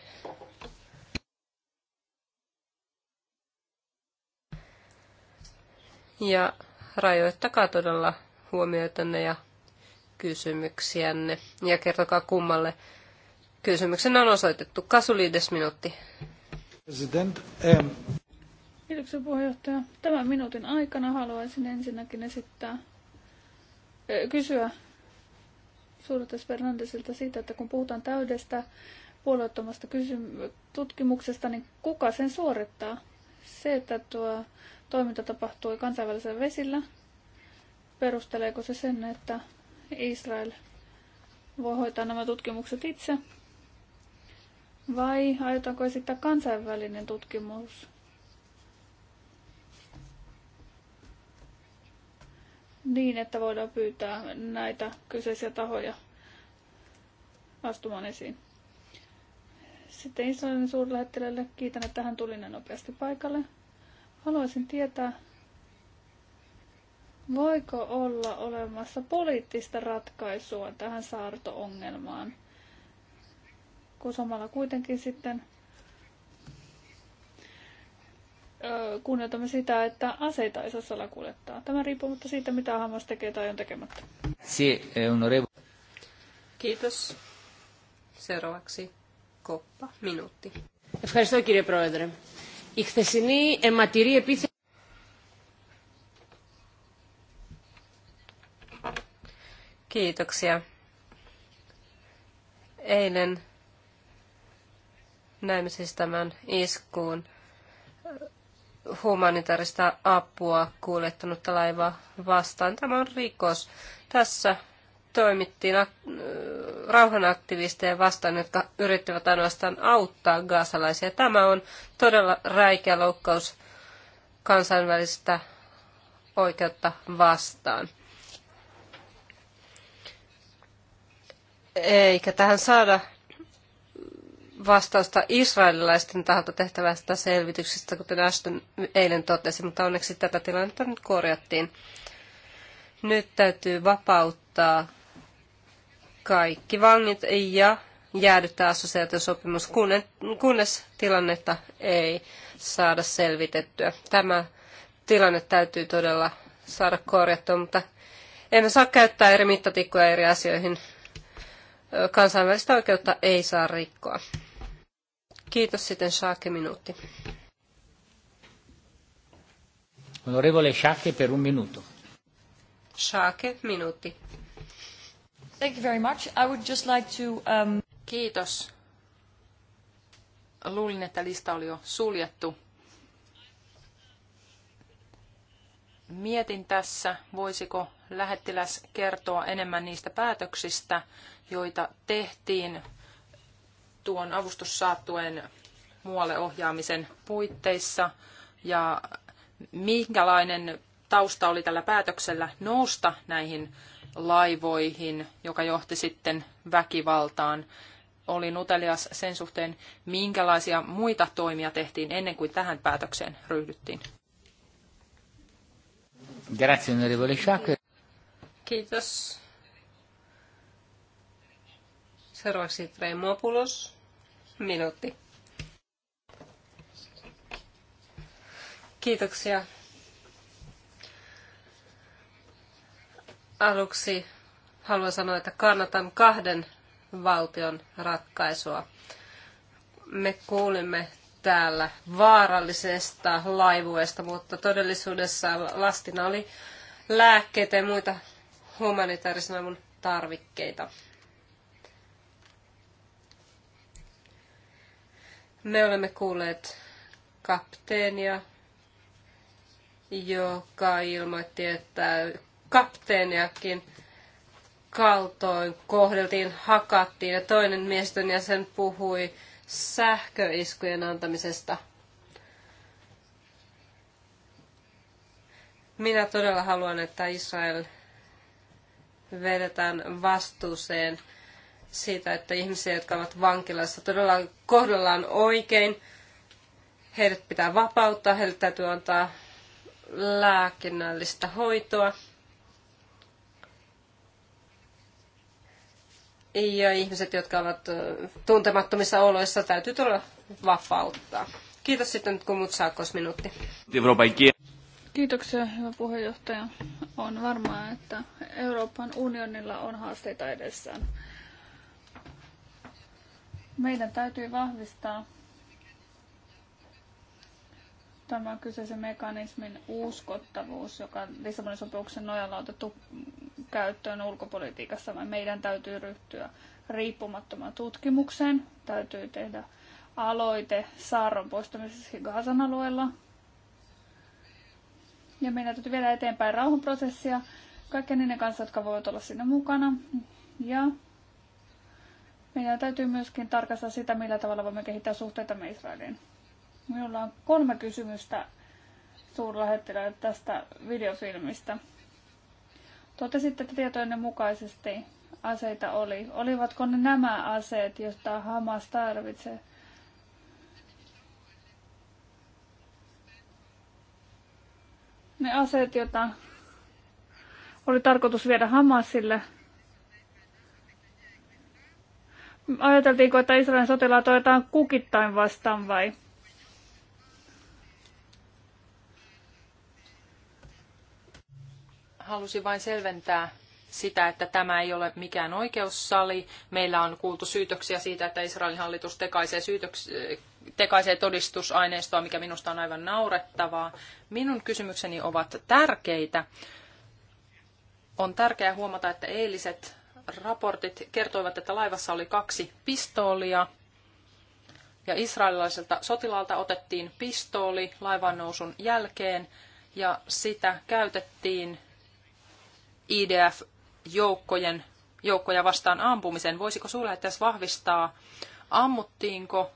Ja rajoittakaa todella huomioitanne ja kysymyksiänne ja kertokaa kummalle kysymyksen on osoitettu. Kasuliides minuutti. President, ähm. Kiitoksia puheenjohtaja. Tämän minuutin aikana haluaisin ensinnäkin esittää, kysyä suurta Fernandesilta siitä, että kun puhutaan täydestä puolueettomasta tutkimuksesta, niin kuka sen suorittaa? Se, että tuo toiminta tapahtui kansainvälisellä vesillä, perusteleeko se sen, että Israel voi hoitaa nämä tutkimukset itse? Vai aiotaanko esittää kansainvälinen tutkimus? Niin, että voidaan pyytää näitä kyseisiä tahoja astumaan esiin. Sitten Israelin suurlähettilälle kiitän, että hän tuli näin nopeasti paikalle. Haluaisin tietää, voiko olla olemassa poliittista ratkaisua tähän saarto-ongelmaan? kun samalla kuitenkin sitten kunnioitamme sitä, että aseita ei saa salakuljettaa. Tämä riippumatta siitä, mitä hammas tekee tai on tekemättä. Kiitos. Seuraavaksi koppa, minuutti. Kiitoksia. Eilen näimme siis tämän iskuun humanitaarista apua kuljettanutta laivaa vastaan. Tämä on rikos. Tässä toimittiin rauhanaktivisteja vastaan, jotka yrittivät ainoastaan auttaa gaasalaisia. Tämä on todella räikeä loukkaus kansainvälistä oikeutta vastaan. Eikä tähän saada vastausta israelilaisten taholta tehtävästä selvityksestä, kuten Ashton eilen totesi, mutta onneksi tätä tilannetta nyt korjattiin. Nyt täytyy vapauttaa kaikki vangit ja jäädyttää assosiaatiosopimus, kunnes tilannetta ei saada selvitettyä. Tämä tilanne täytyy todella saada korjattua, mutta emme saa käyttää eri mittatikkoja eri asioihin. Kansainvälistä oikeutta ei saa rikkoa. Kiitos sitten Schaake minuutti. Onorevole Schaake per un minuto. Schaake minuutti. Thank you very much. I would just like to... Um... Kiitos. Luulin, että lista oli jo suljettu. Mietin tässä, voisiko lähettiläs kertoa enemmän niistä päätöksistä, joita tehtiin tuon avustussaattueen muualle ohjaamisen puitteissa ja minkälainen tausta oli tällä päätöksellä nousta näihin laivoihin, joka johti sitten väkivaltaan. Oli utelias sen suhteen, minkälaisia muita toimia tehtiin ennen kuin tähän päätökseen ryhdyttiin. Grazie, onorevole Kiitos, Seuraavaksi Tremopoulos. Minuutti. Kiitoksia. Aluksi haluan sanoa, että kannatan kahden valtion ratkaisua. Me kuulimme täällä vaarallisesta laivuesta, mutta todellisuudessa lastina oli lääkkeitä ja muita humanitaarisen avun tarvikkeita. Me olemme kuulleet kapteenia, joka ilmoitti, että kapteeniakin kaltoin kohdeltiin, hakattiin ja toinen ja jäsen puhui sähköiskujen antamisesta. Minä todella haluan, että Israel vedetään vastuuseen – siitä, että ihmisiä, jotka ovat vankilassa, todella kohdellaan oikein. Heidät pitää vapauttaa, heille täytyy antaa lääkinnällistä hoitoa. Ja ihmiset, jotka ovat tuntemattomissa oloissa, täytyy todella vapauttaa. Kiitos sitten, kun mut saakos minuutti. Kiitoksia, hyvä puheenjohtaja. On varmaa, että Euroopan unionilla on haasteita edessään. Meidän täytyy vahvistaa tämän kyseisen mekanismin uskottavuus, joka Lissabonin sopimuksen nojalla on otettu käyttöön ulkopolitiikassa, vaan meidän täytyy ryhtyä riippumattomaan tutkimukseen, täytyy tehdä aloite saaron poistamisessa Gaasan alueella. Ja meidän täytyy viedä eteenpäin rauhanprosessia kaikkien niiden kanssa, jotka voivat olla siinä mukana. Ja meidän täytyy myöskin tarkastaa sitä, millä tavalla voimme kehittää suhteitamme Israeliin. Minulla on kolme kysymystä suurlähettilöille tästä videofilmistä. Totesitte, että tietojenne mukaisesti aseita oli. Olivatko ne nämä aseet, joita Hamas tarvitsee? Ne aseet, joita oli tarkoitus viedä Hamasille – Ajateltiinko, että Israelin sotilaat otetaan kukittain vastaan vai? Halusin vain selventää sitä, että tämä ei ole mikään oikeussali. Meillä on kuultu syytöksiä siitä, että Israelin hallitus tekaisee, syytöks- tekaisee todistusaineistoa, mikä minusta on aivan naurettavaa. Minun kysymykseni ovat tärkeitä. On tärkeää huomata, että eiliset raportit kertoivat, että laivassa oli kaksi pistoolia ja israelilaiselta sotilaalta otettiin pistooli laivan nousun jälkeen ja sitä käytettiin IDF-joukkojen joukkoja vastaan ampumiseen. Voisiko suurlähettäjäs vahvistaa, ammuttiinko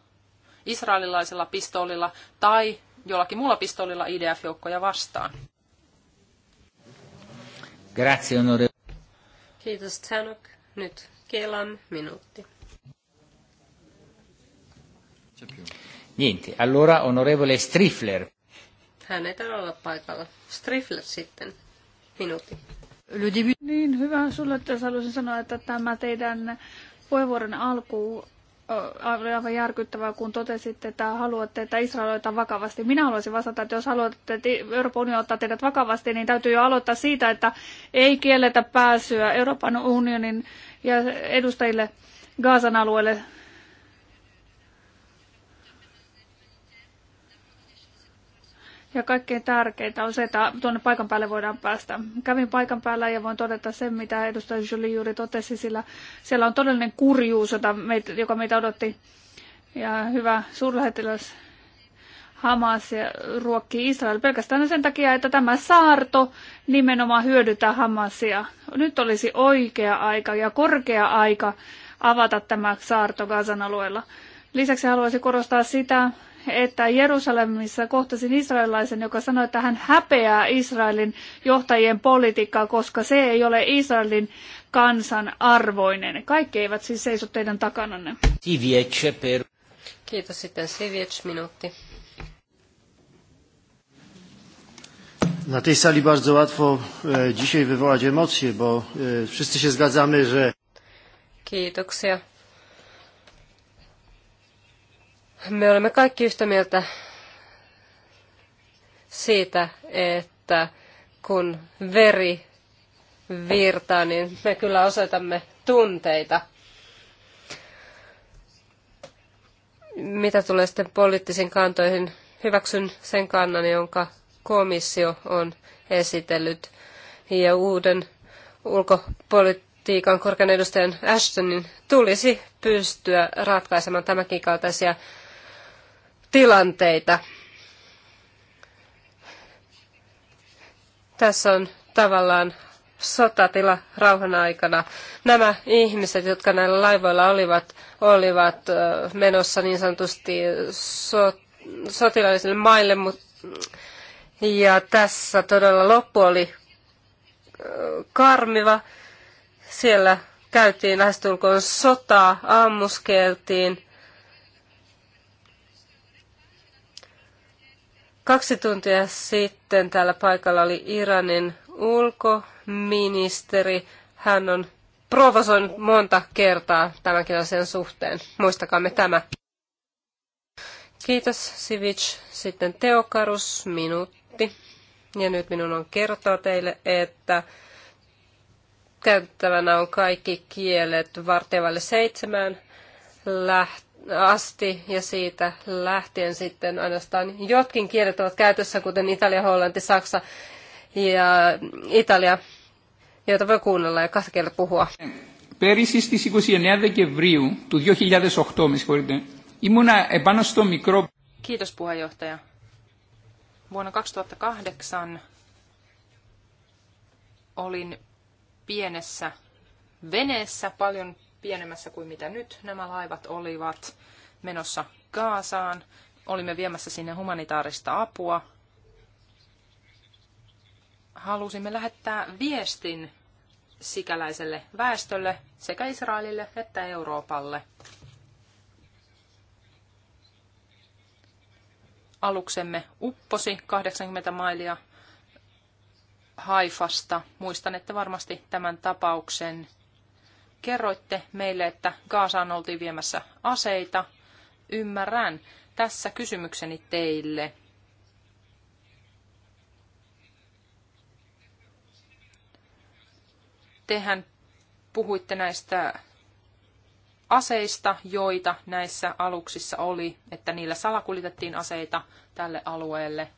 israelilaisella pistoolilla tai jollakin muulla pistoolilla IDF-joukkoja vastaan? Grazie, onore. Kiitos Tanok. Nyt Kelam minuutti. Niente. Allora, onorevole Strifler. Hän ei tarvitse olla paikalla. Strifler sitten. Minuutti. Niin, hyvä sulle, että haluaisin sanoa, että tämä teidän puheenvuoron alku oli aivan järkyttävää, kun totesitte, että haluatte, että Israel otetaan vakavasti. Minä haluaisin vastata, että jos haluatte, että Euroopan unioni ottaa teidät vakavasti, niin täytyy jo aloittaa siitä, että ei kielletä pääsyä Euroopan unionin ja edustajille Gaasan alueelle Ja kaikkein tärkeintä on se, että tuonne paikan päälle voidaan päästä. Kävin paikan päällä ja voin todeta sen, mitä edustaja Jolie juuri totesi, sillä siellä on todellinen kurjuus, jota meitä, joka meitä odotti. Ja hyvä suurlähettiläs Hamas ruokkii Israel pelkästään sen takia, että tämä saarto nimenomaan hyödyttää Hamasia. Nyt olisi oikea aika ja korkea aika avata tämä saarto Gazan alueella. Lisäksi haluaisin korostaa sitä, että Jerusalemissa kohtasin israelilaisen, joka sanoi, että hän häpeää Israelin johtajien politiikkaa, koska se ei ole Israelin kansan arvoinen. Kaikki eivät siis seiso teidän takananne. Kiitos sitten Siviec minuutti. Na tej sali bardzo łatwo e, dzisiaj wywołać emocje, bo e, wszyscy się zgadzamy, że... Kiitoksia. Me olemme kaikki yhtä mieltä siitä, että kun veri virtaa, niin me kyllä osoitamme tunteita. Mitä tulee sitten poliittisiin kantoihin, hyväksyn sen kannan, jonka komissio on esitellyt. Ja uuden ulkopolitiikan korkean edustajan Ashtonin tulisi pystyä ratkaisemaan tämänkin kaltaisia tilanteita. Tässä on tavallaan sotatila rauhan aikana. Nämä ihmiset, jotka näillä laivoilla olivat, olivat menossa niin sanotusti so, sotilaallisille maille, mutta ja tässä todella loppu oli karmiva. Siellä käytiin lähestulkoon sotaa, ammuskeltiin Kaksi tuntia sitten täällä paikalla oli Iranin ulkoministeri. Hän on provosoinut monta kertaa tämänkin asian suhteen. Muistakaamme tämä. Kiitos Sivic. Sitten Teokarus, minuutti. Ja nyt minun on kertoa teille, että käyttävänä on kaikki kielet vartevalle seitsemään lähtöön asti ja siitä lähtien sitten ainoastaan jotkin kielet ovat käytössä, kuten Italia, Hollanti, Saksa ja Italia, joita voi kuunnella ja kahta kieltä puhua. Πέρυσι στις 29 Δεκεμβρίου του 2008, με συγχωρείτε, ήμουνα επάνω στο μικρό... Kiitos puheenjohtaja. Vuonna 2008 olin pienessä veneessä paljon pienemmässä kuin mitä nyt nämä laivat olivat menossa Kaasaan. Olimme viemässä sinne humanitaarista apua. Halusimme lähettää viestin sikäläiselle väestölle sekä Israelille että Euroopalle. aluksemme upposi 80 mailia Haifasta. Muistan, että varmasti tämän tapauksen kerroitte meille, että Gaasaan oltiin viemässä aseita. Ymmärrän. Tässä kysymykseni teille. Tehän puhuitte näistä aseista, joita näissä aluksissa oli, että niillä salakuljetettiin aseita tälle alueelle.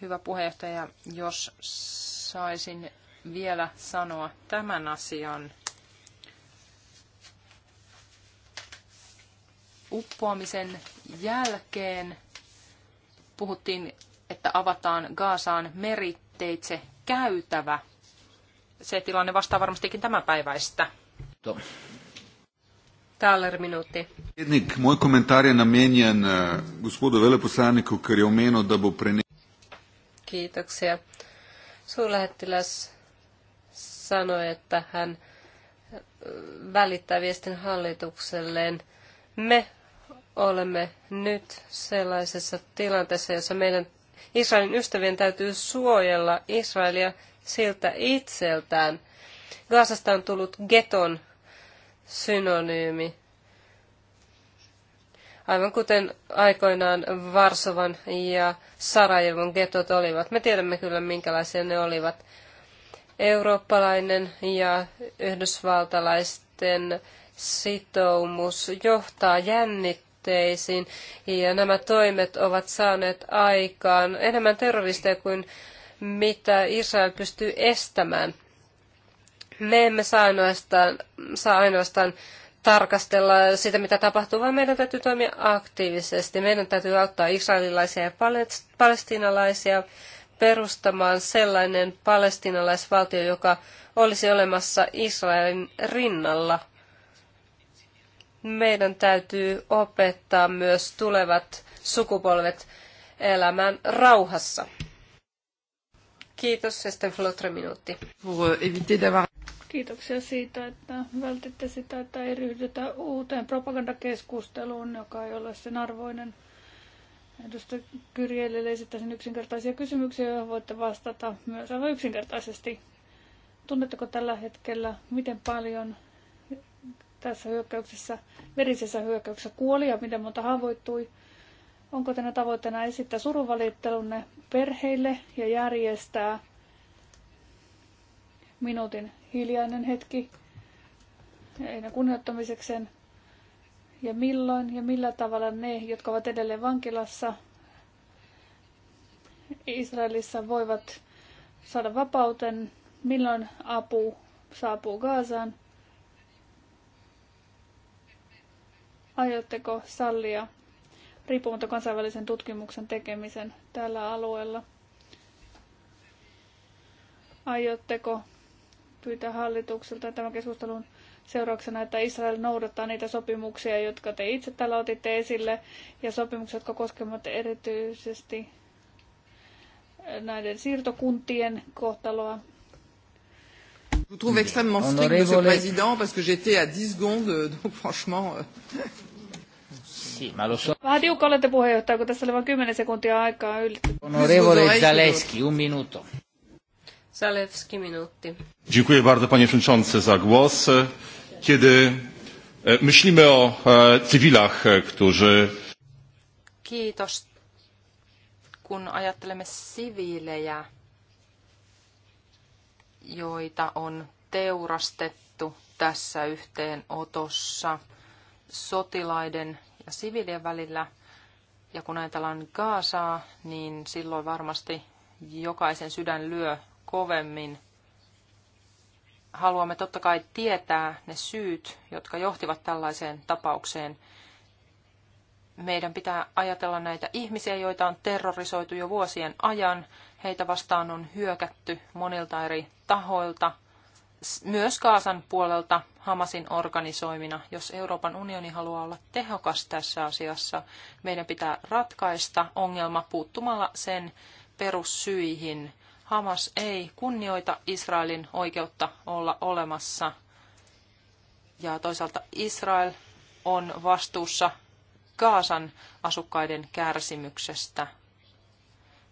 Hyvä puheenjohtaja, jos saisin vielä sanoa tämän asian uppoamisen jälkeen puhuttiin, että avataan Gaasaan meritteitse käytävä. Se tilanne vastaa varmastikin tämänpäiväistä. päiväistä. Taler minuutti. Ednik, moj komentar je namenjen eh, gospodu veleposlaniku, ker je omenil, da bo Kiitoksia. Suurlähettiläs sanoi, että hän välittää viestin hallitukselleen. Me olemme nyt sellaisessa tilanteessa, jossa meidän Israelin ystävien täytyy suojella Israelia siltä itseltään. Gaasasta on tullut geton synonyymi. Aivan kuten aikoinaan Varsovan ja Sarajevon getot olivat. Me tiedämme kyllä, minkälaisia ne olivat eurooppalainen ja yhdysvaltalaisten sitoumus johtaa jännitteisiin ja nämä toimet ovat saaneet aikaan enemmän terroristeja kuin mitä Israel pystyy estämään. Me emme saa ainoastaan, saa ainoastaan tarkastella sitä, mitä tapahtuu, vaan meidän täytyy toimia aktiivisesti. Meidän täytyy auttaa israelilaisia ja palestiinalaisia perustamaan sellainen palestinalaisvaltio, joka olisi olemassa Israelin rinnalla. Meidän täytyy opettaa myös tulevat sukupolvet elämään rauhassa. Kiitos, Sesten Flotre minuutti. Kiitoksia siitä, että vältitte sitä, että ei ryhdytä uuteen propagandakeskusteluun, joka ei ole sen arvoinen. Edustaja Kyrjelle esittäisin yksinkertaisia kysymyksiä, joihin voitte vastata myös aivan yksinkertaisesti. Tunnetteko tällä hetkellä, miten paljon tässä hyökkäyksessä, verisessä hyökkäyksessä kuoli ja miten monta haavoittui? Onko tänä tavoitteena esittää surunvalittelunne perheille ja järjestää minuutin hiljainen hetki heidän kunnioittamisekseen? ja milloin ja millä tavalla ne, jotka ovat edelleen vankilassa Israelissa, voivat saada vapauten, milloin apu saapuu Gaasaan. Aiotteko sallia riippumatta kansainvälisen tutkimuksen tekemisen tällä alueella? Aiotteko pyytää hallitukselta tämän keskustelun seurauksena, että Israel noudattaa niitä sopimuksia, jotka te itse täällä otitte esille, ja sopimukset, jotka koskevat erityisesti näiden siirtokuntien kohtaloa. Je vous trouve extrêmement strict, Monsieur le Président, parce que j'étais à 10 secondes, euh, donc franchement... Euh. Vähän tiukka olette puheenjohtaja, kun tässä oli vain 10 sekuntia aikaa yli. Honorevole Zaleski, un minuto. Zalewski, Dziękuję bardzo, panie przewodniczący, za głos. Kiedy e, myślimy o e, cywilach, e, którzy... Kiitos. Kun ajattelemme siviilejä, joita on teurastettu tässä yhteenotossa sotilaiden ja siviilien välillä, ja kun ajatellaan Gaasaa, niin silloin varmasti jokaisen sydän lyö kovemmin. Haluamme totta kai tietää ne syyt, jotka johtivat tällaiseen tapaukseen. Meidän pitää ajatella näitä ihmisiä, joita on terrorisoitu jo vuosien ajan. Heitä vastaan on hyökätty monilta eri tahoilta, myös Kaasan puolelta Hamasin organisoimina. Jos Euroopan unioni haluaa olla tehokas tässä asiassa, meidän pitää ratkaista ongelma puuttumalla sen perussyihin Hamas ei kunnioita Israelin oikeutta olla olemassa. Ja toisaalta Israel on vastuussa Kaasan asukkaiden kärsimyksestä.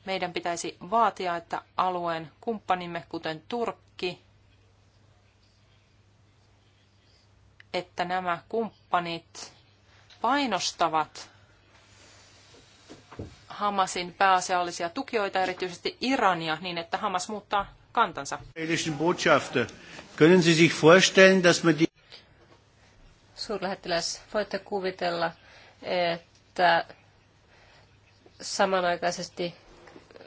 Meidän pitäisi vaatia, että alueen kumppanimme, kuten Turkki, että nämä kumppanit painostavat Hamasin pääasiallisia tukijoita, erityisesti Irania, niin että Hamas muuttaa kantansa. Suurlähettiläs, voitte kuvitella, että samanaikaisesti äh,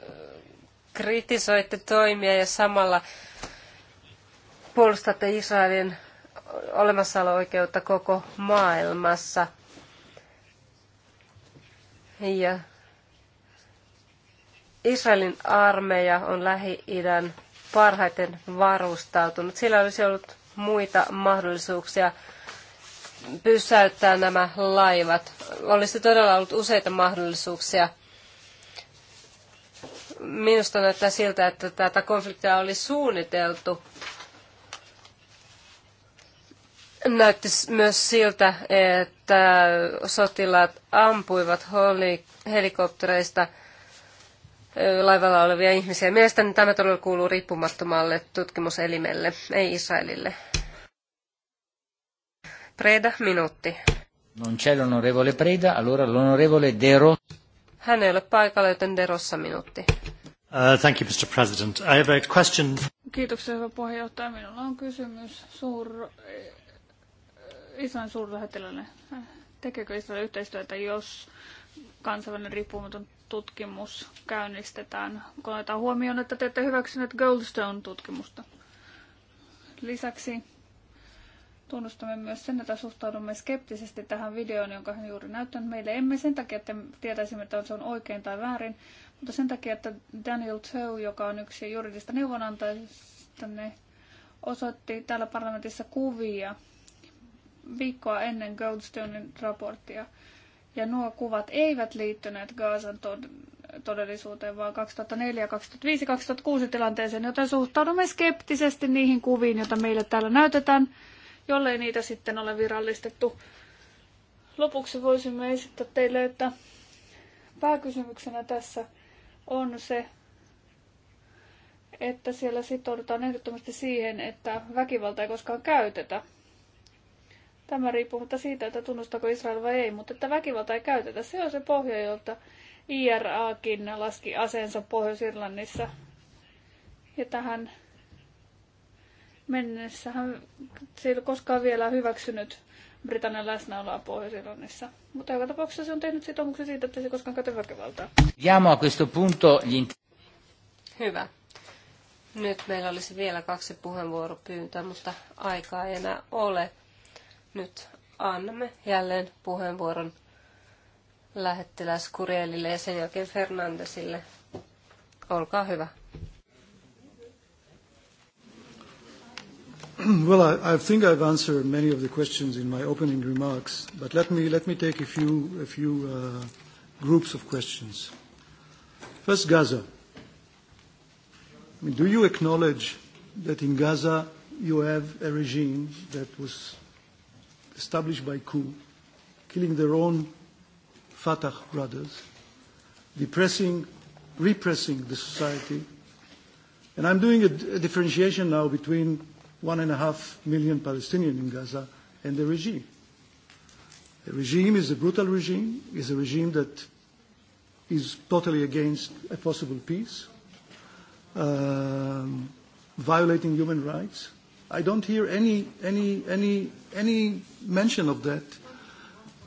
kritisoitte toimia ja samalla puolustatte Israelin olemassaolo-oikeutta koko maailmassa. Ja Israelin armeija on Lähi-idän parhaiten varustautunut. Sillä olisi ollut muita mahdollisuuksia pysäyttää nämä laivat. Olisi todella ollut useita mahdollisuuksia. Minusta näyttää siltä, että tätä konfliktia oli suunniteltu. Näytti myös siltä, että sotilaat ampuivat helikoptereista – laivalla olevia ihmisiä. Mielestäni tämä todella kuuluu riippumattomalle tutkimuselimelle, ei Israelille. Preda, minuutti. Non c'è l'onorevole Preda, allora l'onorevole De Rossa. Hän ei ole paikalla, joten De Rossa minuutti. Uh, thank you, Mr. President. I have a question. Kiitoksia, hyvä puheenjohtaja. Minulla on kysymys suur... Eh, Israelin suurlähettiläinen. Tekeekö Israel yhteistyötä, jos kansainvälinen riippumaton tutkimus käynnistetään, kun otetaan huomioon, että te ette hyväksyneet Goldstone-tutkimusta. Lisäksi tunnustamme myös sen, että suhtaudumme skeptisesti tähän videoon, jonka hän juuri näyttänyt meille. Emme sen takia, että tietäisimme, että se on oikein tai väärin, mutta sen takia, että Daniel Tow, joka on yksi juridista neuvonantajista, ne osoitti täällä parlamentissa kuvia viikkoa ennen Goldstonein raporttia – ja nuo kuvat eivät liittyneet Gaasan todellisuuteen, vaan 2004, 2005, 2006 tilanteeseen, joten suhtaudumme skeptisesti niihin kuviin, joita meille täällä näytetään, jollei niitä sitten ole virallistettu. Lopuksi voisimme esittää teille, että pääkysymyksenä tässä on se, että siellä sitoudutaan ehdottomasti siihen, että väkivalta ei koskaan käytetä. Tämä riippuu, mutta siitä, että tunnustako Israel vai ei, mutta että väkivalta ei käytetä. Se on se pohja, jolta IRAkin laski aseensa Pohjois-Irlannissa. Ja tähän mennessähän se ei ole koskaan vielä hyväksynyt Britannian läsnäoloa Pohjois-Irlannissa. Mutta joka tapauksessa se on tehnyt sitoumuksen siitä, että se koskaan käytä väkivaltaa. Jamo, questo punto... Hyvä. Nyt meillä olisi vielä kaksi puheenvuoropyyntöä, mutta aikaa ei enää ole. Nyt annamme jälleen puheenvuoron lähettiläs Kurielille ja sen jälkeen Fernandesille. Olkaa hyvä. Well, I, I think I've answered many of the questions in my opening remarks, but let me, let me take a few, a few uh, groups of questions. First, Gaza. I mean, do you acknowledge that in Gaza you have a regime that was established by coup, killing their own Fatah brothers, depressing, repressing the society. And I'm doing a, a differentiation now between one and a half million Palestinians in Gaza and the regime. The regime is a brutal regime, is a regime that is totally against a possible peace, um, violating human rights, I don't hear any, any, any, any mention of that.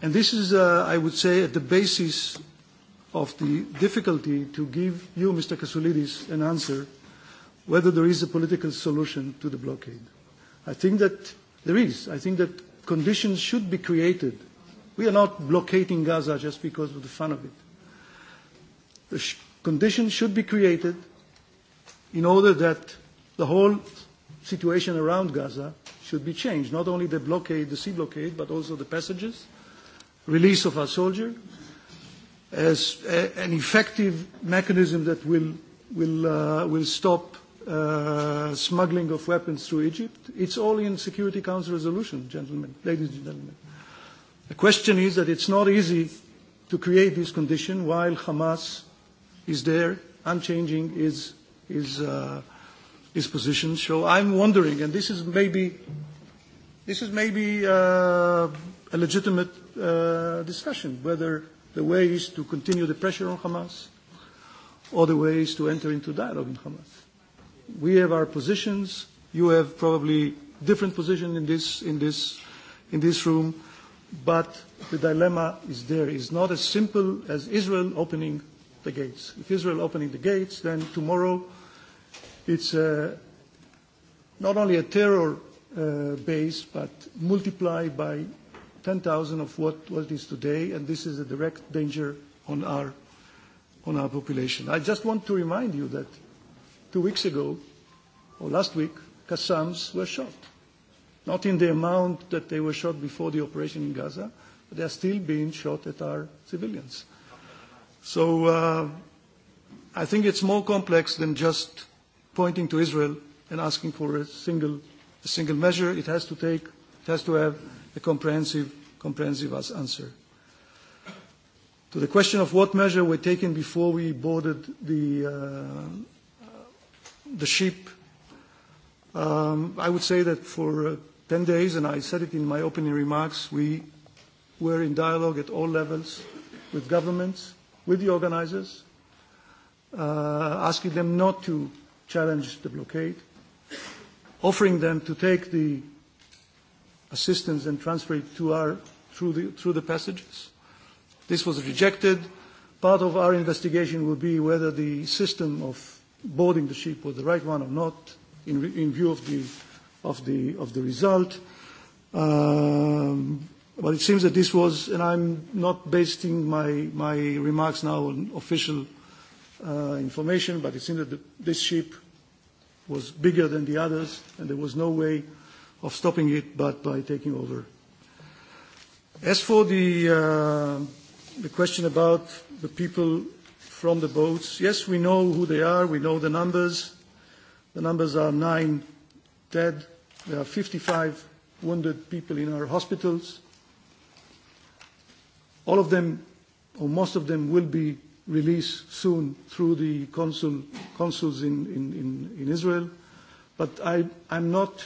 And this is, uh, I would say, at the basis of the difficulty to give you, Mr. Kasoulidis, an answer whether there is a political solution to the blockade. I think that there is. I think that conditions should be created. We are not blockading Gaza just because of the fun of it. The sh- conditions should be created in order that the whole situation around Gaza should be changed. Not only the blockade, the sea blockade, but also the passages, release of our soldier, as a, an effective mechanism that will, will, uh, will stop uh, smuggling of weapons through Egypt. It's all in Security Council resolution, gentlemen, ladies and gentlemen. The question is that it's not easy to create this condition while Hamas is there, unchanging is, is uh, his position. So I'm wondering, and this is maybe, this is maybe uh, a legitimate uh, discussion, whether the way is to continue the pressure on Hamas or the way is to enter into dialogue in Hamas. We have our positions. You have probably different position in this, in this, in this room, but the dilemma is there. It's not as simple as Israel opening the gates. If Israel opening the gates, then tomorrow – It's uh, not only a terror uh, base, but multiplied by 10,000 of what, what it is today, and this is a direct danger on our, on our population. I just want to remind you that two weeks ago, or last week, Qassams were shot. Not in the amount that they were shot before the operation in Gaza, but they are still being shot at our civilians. So uh, I think it's more complex than just pointing to Israel and asking for a single, a single measure. It has to take, it has to have a comprehensive, comprehensive answer. To the question of what measure were taken before we boarded the, uh, the ship, um, I would say that for uh, 10 days, and I said it in my opening remarks, we were in dialogue at all levels with governments, with the organizers, uh, asking them not to challenged the blockade, offering them to take the assistance and transfer it to our, through, the, through the passages. This was rejected. Part of our investigation will be whether the system of boarding the ship was the right one or not in, in view of the, of the, of the result. Um, but it seems that this was, and I'm not basing my, my remarks now on official – Uh, information, but it seemed that the, this ship was bigger than the others, and there was no way of stopping it but by taking over. As for the, uh, the question about the people from the boats, yes, we know who they are, we know the numbers. The numbers are nine dead, there are 55 wounded people in our hospitals. All of them, or most of them, will be release soon through the consul, consuls in, in, in, Israel. But I, I'm not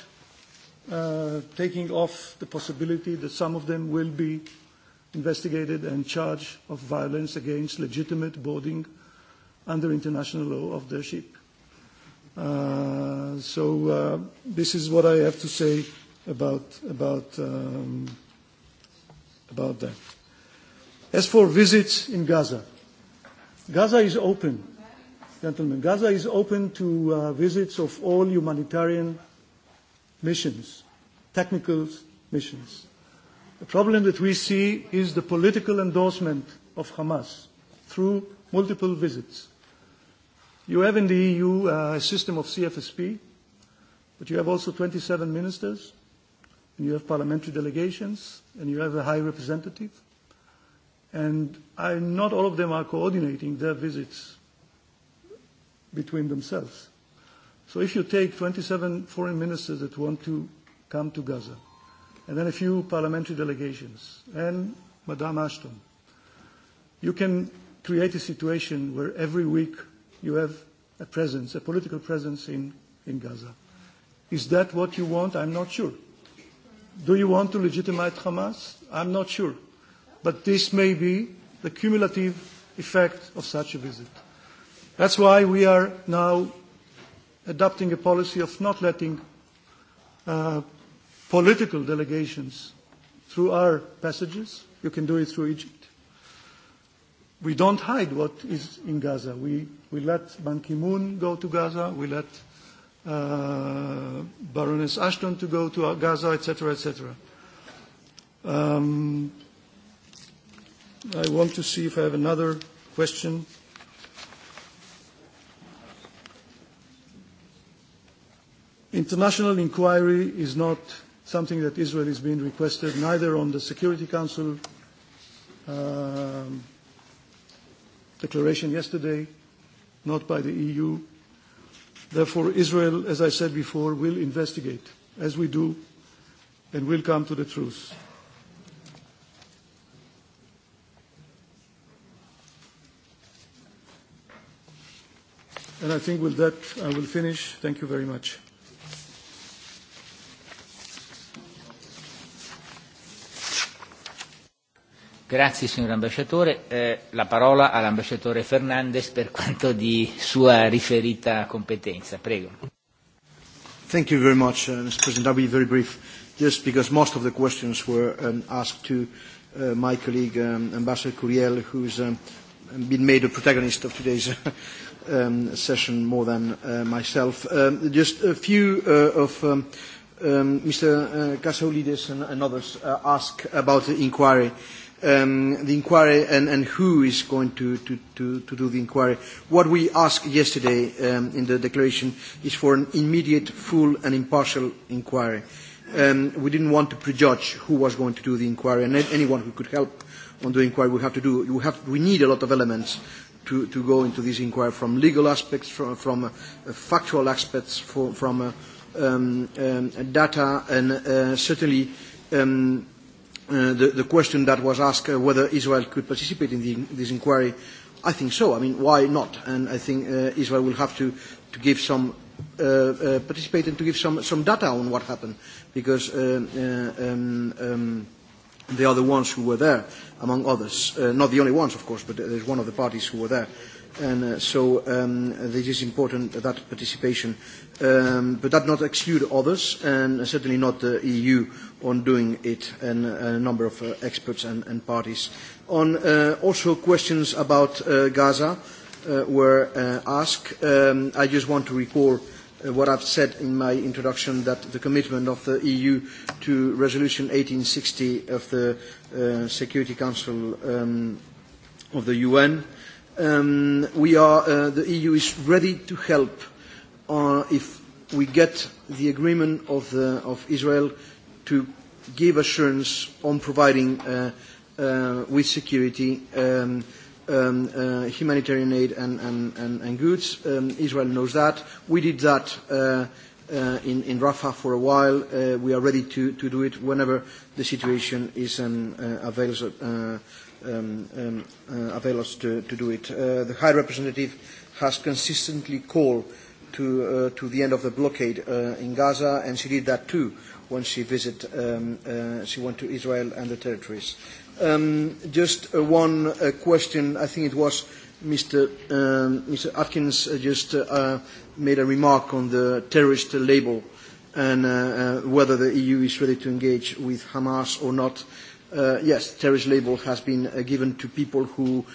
uh, taking off the possibility that some of them will be investigated and charged of violence against legitimate boarding under international law of their ship. Uh, so uh, this is what I have to say about, about, um, about that. As for visits in Gaza, Gaza is open, gentlemen. Gaza is open to uh, visits of all humanitarian missions, technical missions. The problem that we see is the political endorsement of Hamas through multiple visits. You have in the EU uh, a system of CFSP, but you have also 27 ministers, and you have parliamentary delegations, and you have a high representative and I, not all of them are coordinating their visits between themselves. So if you take 27 foreign ministers that want to come to Gaza, and then a few parliamentary delegations, and Madame Ashton, you can create a situation where every week you have a presence, a political presence in, in Gaza. Is that what you want? I'm not sure. Do you want to legitimize Hamas? I'm not sure but this may be the cumulative effect of such a visit. That's why we are now adopting a policy of not letting uh, political delegations through our passages. You can do it through Egypt. We don't hide what is in Gaza. We, we let Ban Ki-moon go to Gaza. We let uh, Baroness Ashton to go to Gaza, etc., etc. Um, I want to see if I have another question. International inquiry is not something that Israel is being requested, neither on the Security Council um, declaration yesterday, not by the EU. Therefore, Israel, as I said before, will investigate, as we do, and will come to the truth. And I think with that, I will finish. Thank you very much. Grazie signor ambasciatore. Eh, la parola all'ambasciatore Fernandez per quanto di sua riferita competenza. Prego. Thank you very much, uh, Mr. President. I'll be very brief, just because most of the questions were um, asked to uh, my colleague, um, Ambassador Curiel, who's um, been made a protagonist of today's um, session more than uh, myself. Um, just a few uh, of um, um, Mr. Kasolidis uh, and, and others uh, ask about the inquiry. Um, the inquiry and, and who is going to, to, to, to do the inquiry. What we asked yesterday um, in the declaration is for an immediate, full and impartial inquiry. Um, we didn't want to prejudge who was going to do the inquiry and anyone who could help on the inquiry, we have to do. We, have, we need a lot of elements to, to go into this inquiry from legal aspects, from, from uh, factual aspects, for, from uh, um, um, data, and uh, certainly um, uh, the, the question that was asked uh, whether Israel could participate in the, this inquiry, I think so. I mean, why not? And I think uh, Israel will have to, to give some uh, uh, participate and to give some, some data on what happened, because uh, uh, um, um, They are the ones who were there, among others. Uh, not the only ones, of course, but there's one of the parties who were there. And uh, so um, this is important uh, that participation, um, but that not exclude others, and certainly not the EU on doing it, and uh, a number of uh, experts and, and parties. On uh, also questions about uh, Gaza uh, were uh, asked. Um, I just want to recall uh, Uh, what I've said in my introduction that the commitment of the EU to Resolution 1860 of the uh, Security Council um, of the UN. Um, we are, uh, the EU is ready to help uh, if we get the agreement of, the, of Israel to give assurance on providing uh, uh, with security um, um, uh, humanitarian aid and, and, and, and goods. Um, Israel knows that. We did that uh, uh, in, in Rafah for a while. Uh, we are ready to, to do it whenever the situation is um, uh, available. uh, um, um, uh, avail us to, to do it. Uh, the High Representative has consistently called to, uh, to the end of the blockade uh, in Gaza, and she did that too when she visited, um, uh, she went to Israel and the territories. Um, just uh, one uh, question. I think it was Mr. Mr. Um, Atkins uh, just made a remark on the terrorist label and whether the EU is ready to engage with Hamas or not. yes, terrorist label has been given to people who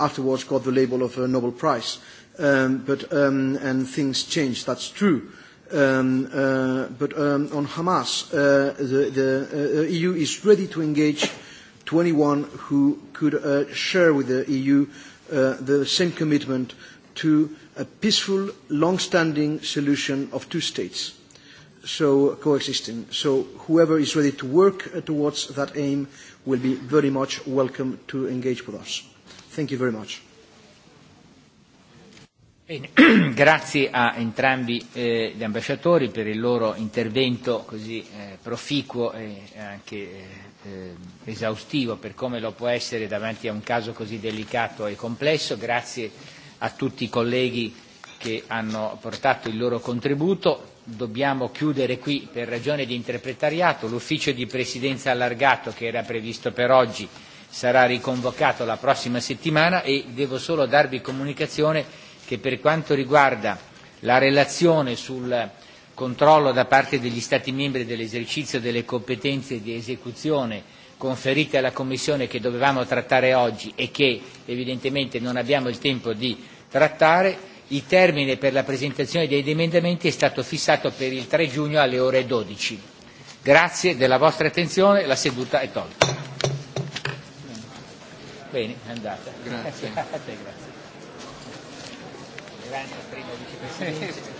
afterwards got the label of a Nobel Prize. Um, but, and things change, that's true. but on Hamas, the, EU e is ready to engage to anyone who could uh, share with the EU uh, the same commitment to a peaceful, long-standing solution of two states, so coexisting. So whoever is ready to work towards that aim will be very much welcome to engage with us. Thank you very much. Bene. Grazie a entrambi eh, gli ambasciatori per il loro intervento così eh, proficuo e anche eh, eh, esaustivo per come lo può essere davanti a un caso così delicato e complesso. Grazie a tutti i colleghi che hanno portato il loro contributo. Dobbiamo chiudere qui per ragione di interpretariato. L'ufficio di presidenza allargato che era previsto per oggi sarà riconvocato la prossima settimana e devo solo darvi comunicazione che per quanto riguarda la relazione sul controllo da parte degli Stati membri dell'esercizio delle competenze di esecuzione conferite alla Commissione che dovevamo trattare oggi e che evidentemente non abbiamo il tempo di trattare, il termine per la presentazione degli emendamenti è stato fissato per il 3 giugno alle ore 12. Grazie della vostra attenzione, la seduta è tolta. Bene, è andata. Grazie. grazie. Grazie. Grazie. vicepresidente.